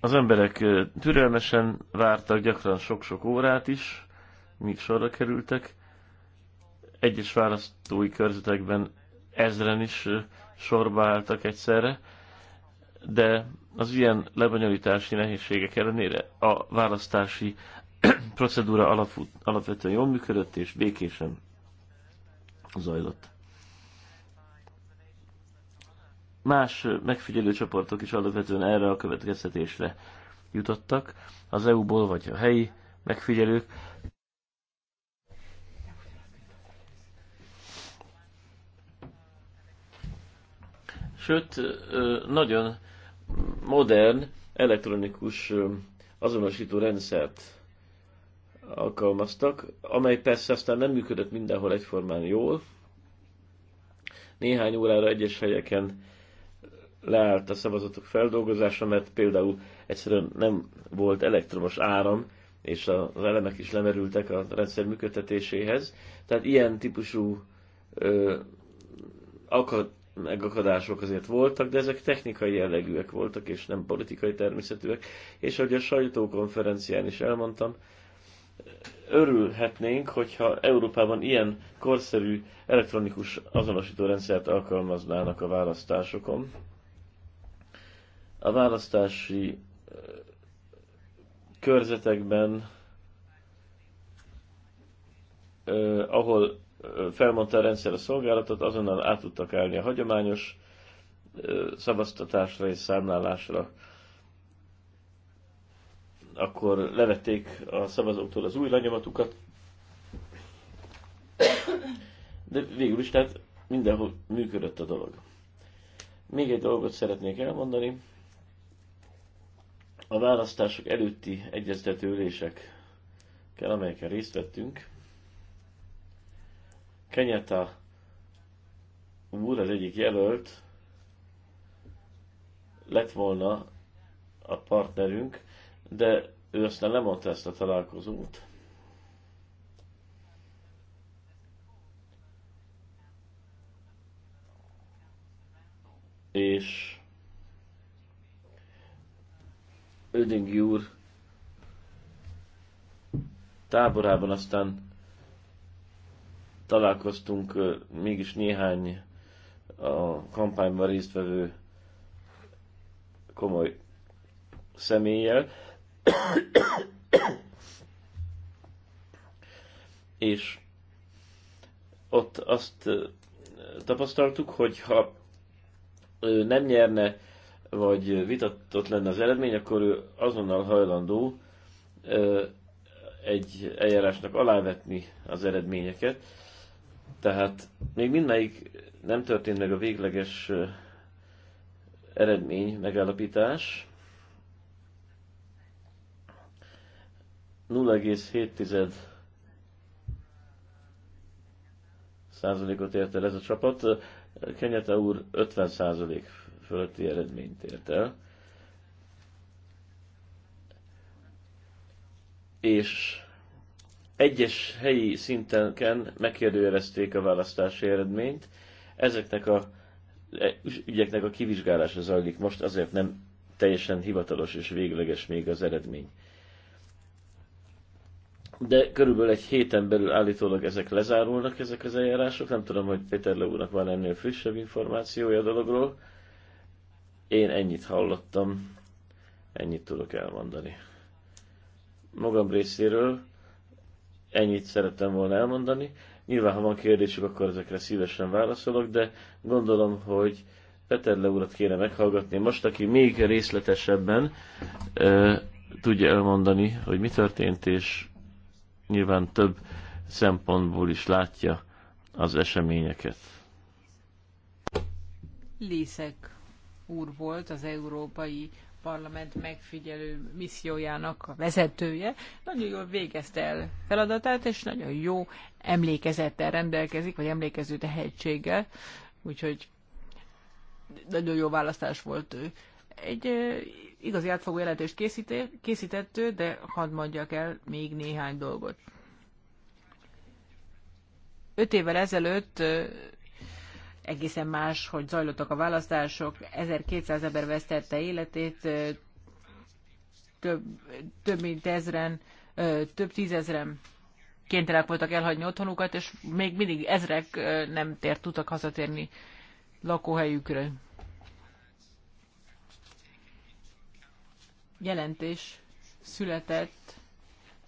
B: Az emberek türelmesen vártak gyakran sok-sok órát is, míg sorra kerültek. Egyes választói körzetekben ezren is sorba álltak egyszerre, de az ilyen lebonyolítási nehézségek ellenére a választási procedúra alapvetően jól működött és békésen zajlott. Más megfigyelő csoportok is alapvetően erre a következtetésre jutottak, az EU-ból vagy a helyi megfigyelők. Sőt, nagyon modern elektronikus azonosító rendszert alkalmaztak, amely persze aztán nem működött mindenhol egyformán jól. Néhány órára egyes helyeken leállt a szavazatok feldolgozása, mert például egyszerűen nem volt elektromos áram, és az elemek is lemerültek a rendszer működtetéséhez. Tehát ilyen típusú ö, akad, megakadások azért voltak, de ezek technikai jellegűek voltak, és nem politikai természetűek. És ahogy a sajtókonferencián is elmondtam, örülhetnénk, hogyha Európában ilyen korszerű elektronikus azonosító rendszert alkalmaznának a választásokon. A választási körzetekben, ahol felmondta a rendszer a szolgálatot, azonnal át tudtak állni a hagyományos szavaztatásra és számlálásra akkor levették a szavazóktól az új lenyomatukat, de végül is tehát mindenhol működött a dolog. Még egy dolgot szeretnék elmondani. A választások előtti egyeztető ülésekkel, amelyeken részt vettünk, Kenyata úr, az egyik jelölt, lett volna a partnerünk, de ő aztán lemondta ezt a találkozót. És Ödingi úr táborában aztán találkoztunk mégis néhány a kampányban résztvevő komoly személlyel, és ott azt tapasztaltuk, hogy ha ő nem nyerne, vagy vitatott lenne az eredmény, akkor ő azonnal hajlandó egy eljárásnak alávetni az eredményeket. Tehát még mindmelyik nem történt meg a végleges eredmény, megállapítás, 0,7 százalékot ért el ez a csapat. Kenyata úr 50 százalék fölötti eredményt ért el. És egyes helyi szinten megkérdőjelezték a választási eredményt. Ezeknek a e, ügyeknek a kivizsgálása zajlik most, azért nem teljesen hivatalos és végleges még az eredmény de körülbelül egy héten belül állítólag ezek lezárulnak, ezek az eljárások. Nem tudom, hogy Péter Le úrnak van ennél frissebb információja a dologról. Én ennyit hallottam, ennyit tudok elmondani. Magam részéről ennyit szerettem volna elmondani. Nyilván, ha van kérdésük, akkor ezekre szívesen válaszolok, de gondolom, hogy Peter Le urat kéne meghallgatni. Most, aki még részletesebben euh, tudja elmondani, hogy mi történt, és nyilván több szempontból is látja az eseményeket.
A: Lészek úr volt az Európai Parlament megfigyelő missziójának a vezetője. Nagyon jól végezte el feladatát, és nagyon jó emlékezettel rendelkezik, vagy emlékező tehetséggel. Úgyhogy nagyon jó választás volt ő. Egy igazi átfogó jelentést készített ő, de hadd mondjak el még néhány dolgot. Öt évvel ezelőtt egészen más, hogy zajlottak a választások, 1200 ember vesztette életét, több, több mint ezren, több tízezren kénytelenek voltak elhagyni otthonukat, és még mindig ezrek nem tért tudtak hazatérni lakóhelyükre. jelentés született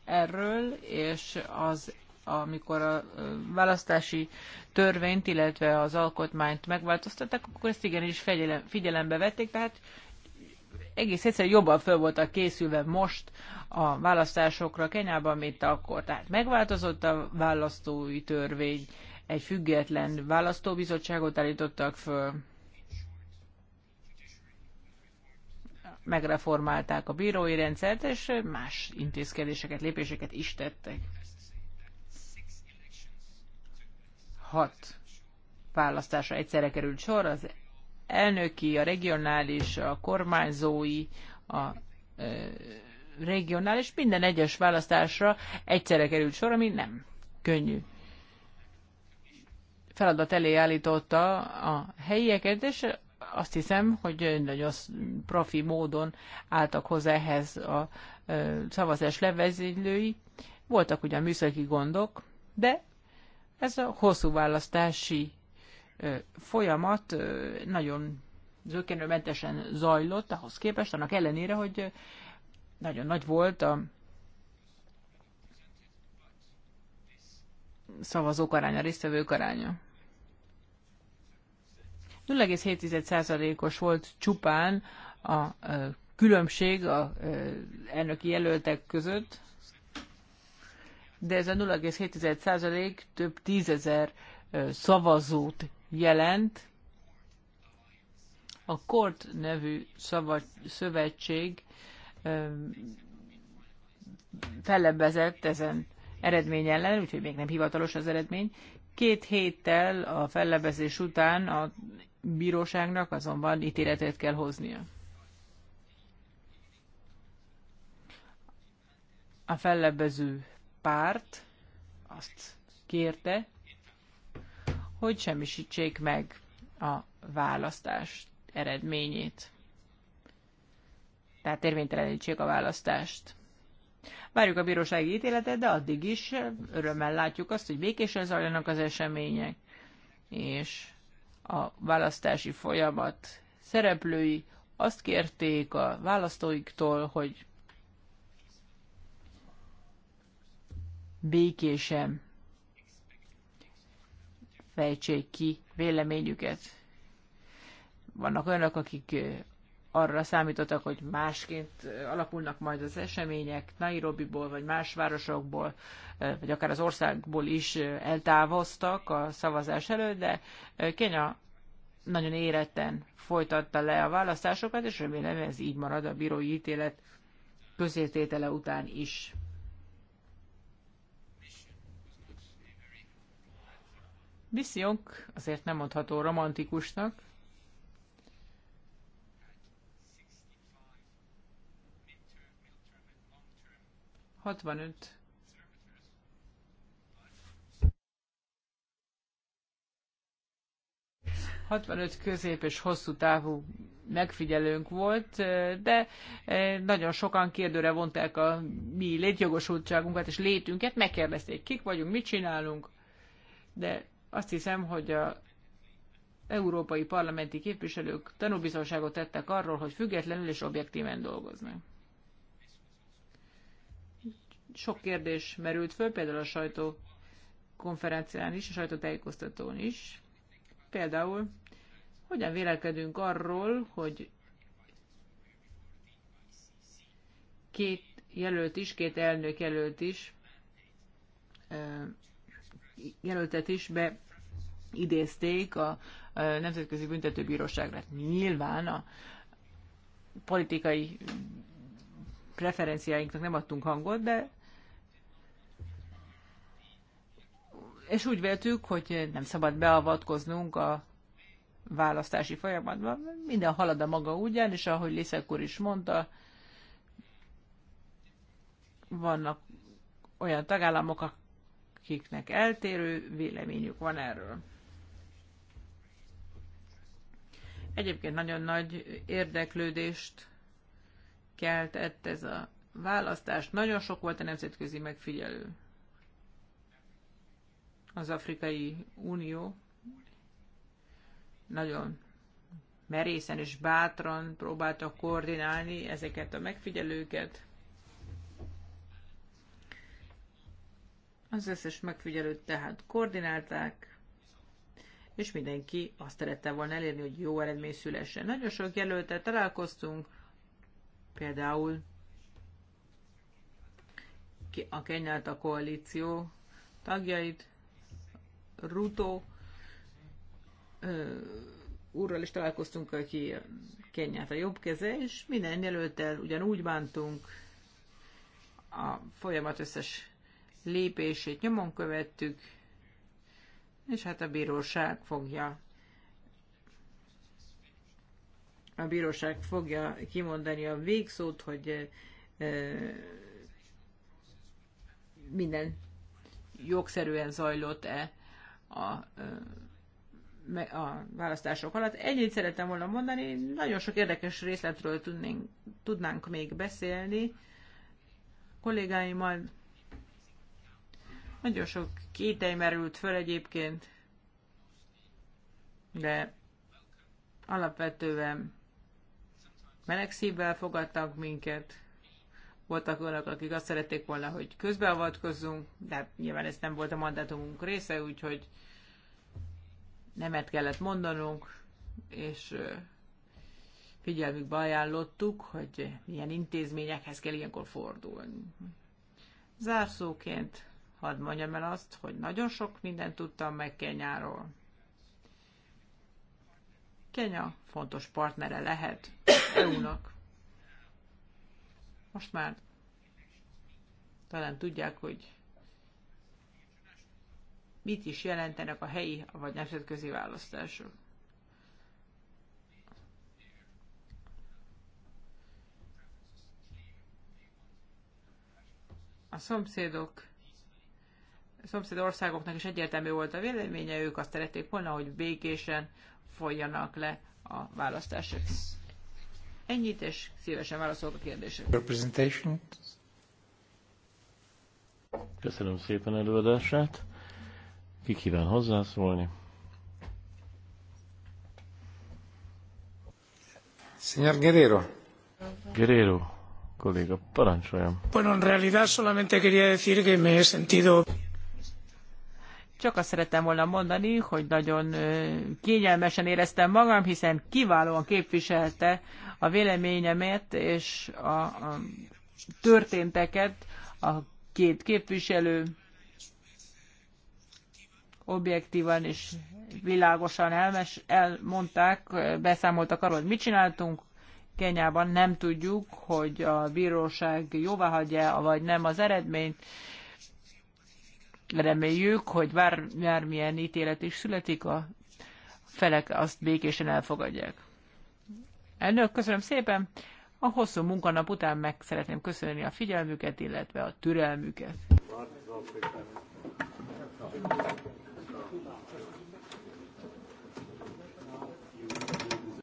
A: erről, és az amikor a választási törvényt, illetve az alkotmányt megváltoztatták, akkor ezt igenis figyelembe vették, tehát egész egyszerűen jobban fel voltak készülve most a választásokra Kenyában, mint akkor. Tehát megváltozott a választói törvény, egy független választóbizottságot állítottak föl, megreformálták a bírói rendszert, és más intézkedéseket, lépéseket is tettek. Hat választásra egyszerre került sor, az elnöki, a regionális, a kormányzói, a ö, regionális, minden egyes választásra egyszerre került sor, ami nem könnyű feladat elé állította a helyieket, és azt hiszem, hogy nagyon profi módon álltak hozzá ehhez a szavazás levezélői. Voltak ugyan műszaki gondok, de ez a hosszú választási folyamat nagyon zökkenőmentesen zajlott ahhoz képest, annak ellenére, hogy nagyon nagy volt a szavazók aránya, résztvevők aránya. 0,7%-os volt csupán a különbség a elnöki jelöltek között, de ez a 0,7% több tízezer szavazót jelent. A KORT nevű szövetség fellebbezett ezen eredmény ellen, úgyhogy még nem hivatalos az eredmény. Két héttel a fellebezés után a bíróságnak azonban ítéletet kell hoznia. A fellebbező párt azt kérte, hogy semmisítsék meg a választás eredményét. Tehát érvénytelenítsék a választást. Várjuk a bírósági ítéletet, de addig is örömmel látjuk azt, hogy békésen zajlanak az események, és a választási folyamat szereplői azt kérték a választóiktól, hogy békésen fejtsék ki véleményüket. Vannak olyanok, akik arra számítottak, hogy másként alakulnak majd az események, Nairobiból, vagy más városokból, vagy akár az országból is eltávoztak a szavazás előtt, de Kenya nagyon éretten folytatta le a választásokat, és remélem ez így marad a bírói ítélet közértétele után is. Missziónk azért nem mondható romantikusnak, 65 65 közép és hosszú távú megfigyelőnk volt, de eh, nagyon sokan kérdőre vonták a mi létjogosultságunkat és létünket, megkérdezték, kik vagyunk, mit csinálunk, de azt hiszem, hogy a európai parlamenti képviselők tanúbizonságot tettek arról, hogy függetlenül és objektíven dolgoznak sok kérdés merült föl, például a sajtó konferencián is, a sajtótájékoztatón is. Például, hogyan vélekedünk arról, hogy két jelölt is, két elnök jelölt is, jelöltet is beidézték a Nemzetközi Büntetőbíróságra. Nyilván a politikai preferenciáinknak nem adtunk hangot, de és úgy véltük, hogy nem szabad beavatkoznunk a választási folyamatban. Minden halad a maga ugyan, és ahogy Liszek úr is mondta, vannak olyan tagállamok, akiknek eltérő véleményük van erről. Egyébként nagyon nagy érdeklődést keltett ez a választás. Nagyon sok volt a nemzetközi megfigyelő. Az Afrikai Unió nagyon merészen és bátran próbálta koordinálni ezeket a megfigyelőket. Az összes megfigyelőt tehát koordinálták, és mindenki azt szerette volna elérni, hogy jó eredmény szülessen. Nagyon sok jelöltel találkoztunk, például a Kenyát a koalíció tagjait, Ruto úrral is találkoztunk, aki Kenyát a jobb keze, és minden jelöltel ugyanúgy bántunk, a folyamat összes lépését nyomon követtük, és hát a bíróság fogja a bíróság fogja kimondani a végszót, hogy minden jogszerűen zajlott-e a, a választások alatt. Ennyit szerettem volna mondani, nagyon sok érdekes részletről tudnénk, tudnánk még beszélni. Kollégáimmal nagyon sok kétely merült föl egyébként, de alapvetően meleg szívvel fogadtak minket. Voltak olyanok, akik azt szerették volna, hogy közbeavatkozzunk, de nyilván ez nem volt a mandátumunk része, úgyhogy nemet kellett mondanunk, és figyelmükbe ajánlottuk, hogy milyen intézményekhez kell ilyenkor fordulni. Zárszóként hadd mondjam el azt, hogy nagyon sok mindent tudtam meg Kenyáról. Kenya fontos partnere lehet EU-nak. Most már talán tudják, hogy mit is jelentenek a helyi vagy nemzetközi választások. A szomszédok a szomszéd országoknak is egyértelmű volt a véleménye, ők azt szerették volna, hogy békésen folyjanak le a választások. Ennyit, és szívesen válaszolok a kérdésre.
B: Köszönöm szépen előadását. Ki kíván hozzászólni? Señor Guerrero. Guerrero, colega, parancsoljam. Bueno, en realidad solamente quería decir que me he sentido
A: csak azt szerettem volna mondani, hogy nagyon kényelmesen éreztem magam, hiszen kiválóan képviselte a véleményemet és a, a történteket a két képviselő objektívan és világosan elmes, elmondták, beszámoltak arról, hogy mit csináltunk. Kenyában nem tudjuk, hogy a bíróság jóváhagyja vagy nem az eredményt Reméljük, hogy bár, bármilyen ítélet is születik, a felek azt békésen elfogadják. Elnök, köszönöm szépen! A hosszú munkanap után meg szeretném köszönni a figyelmüket, illetve a türelmüket.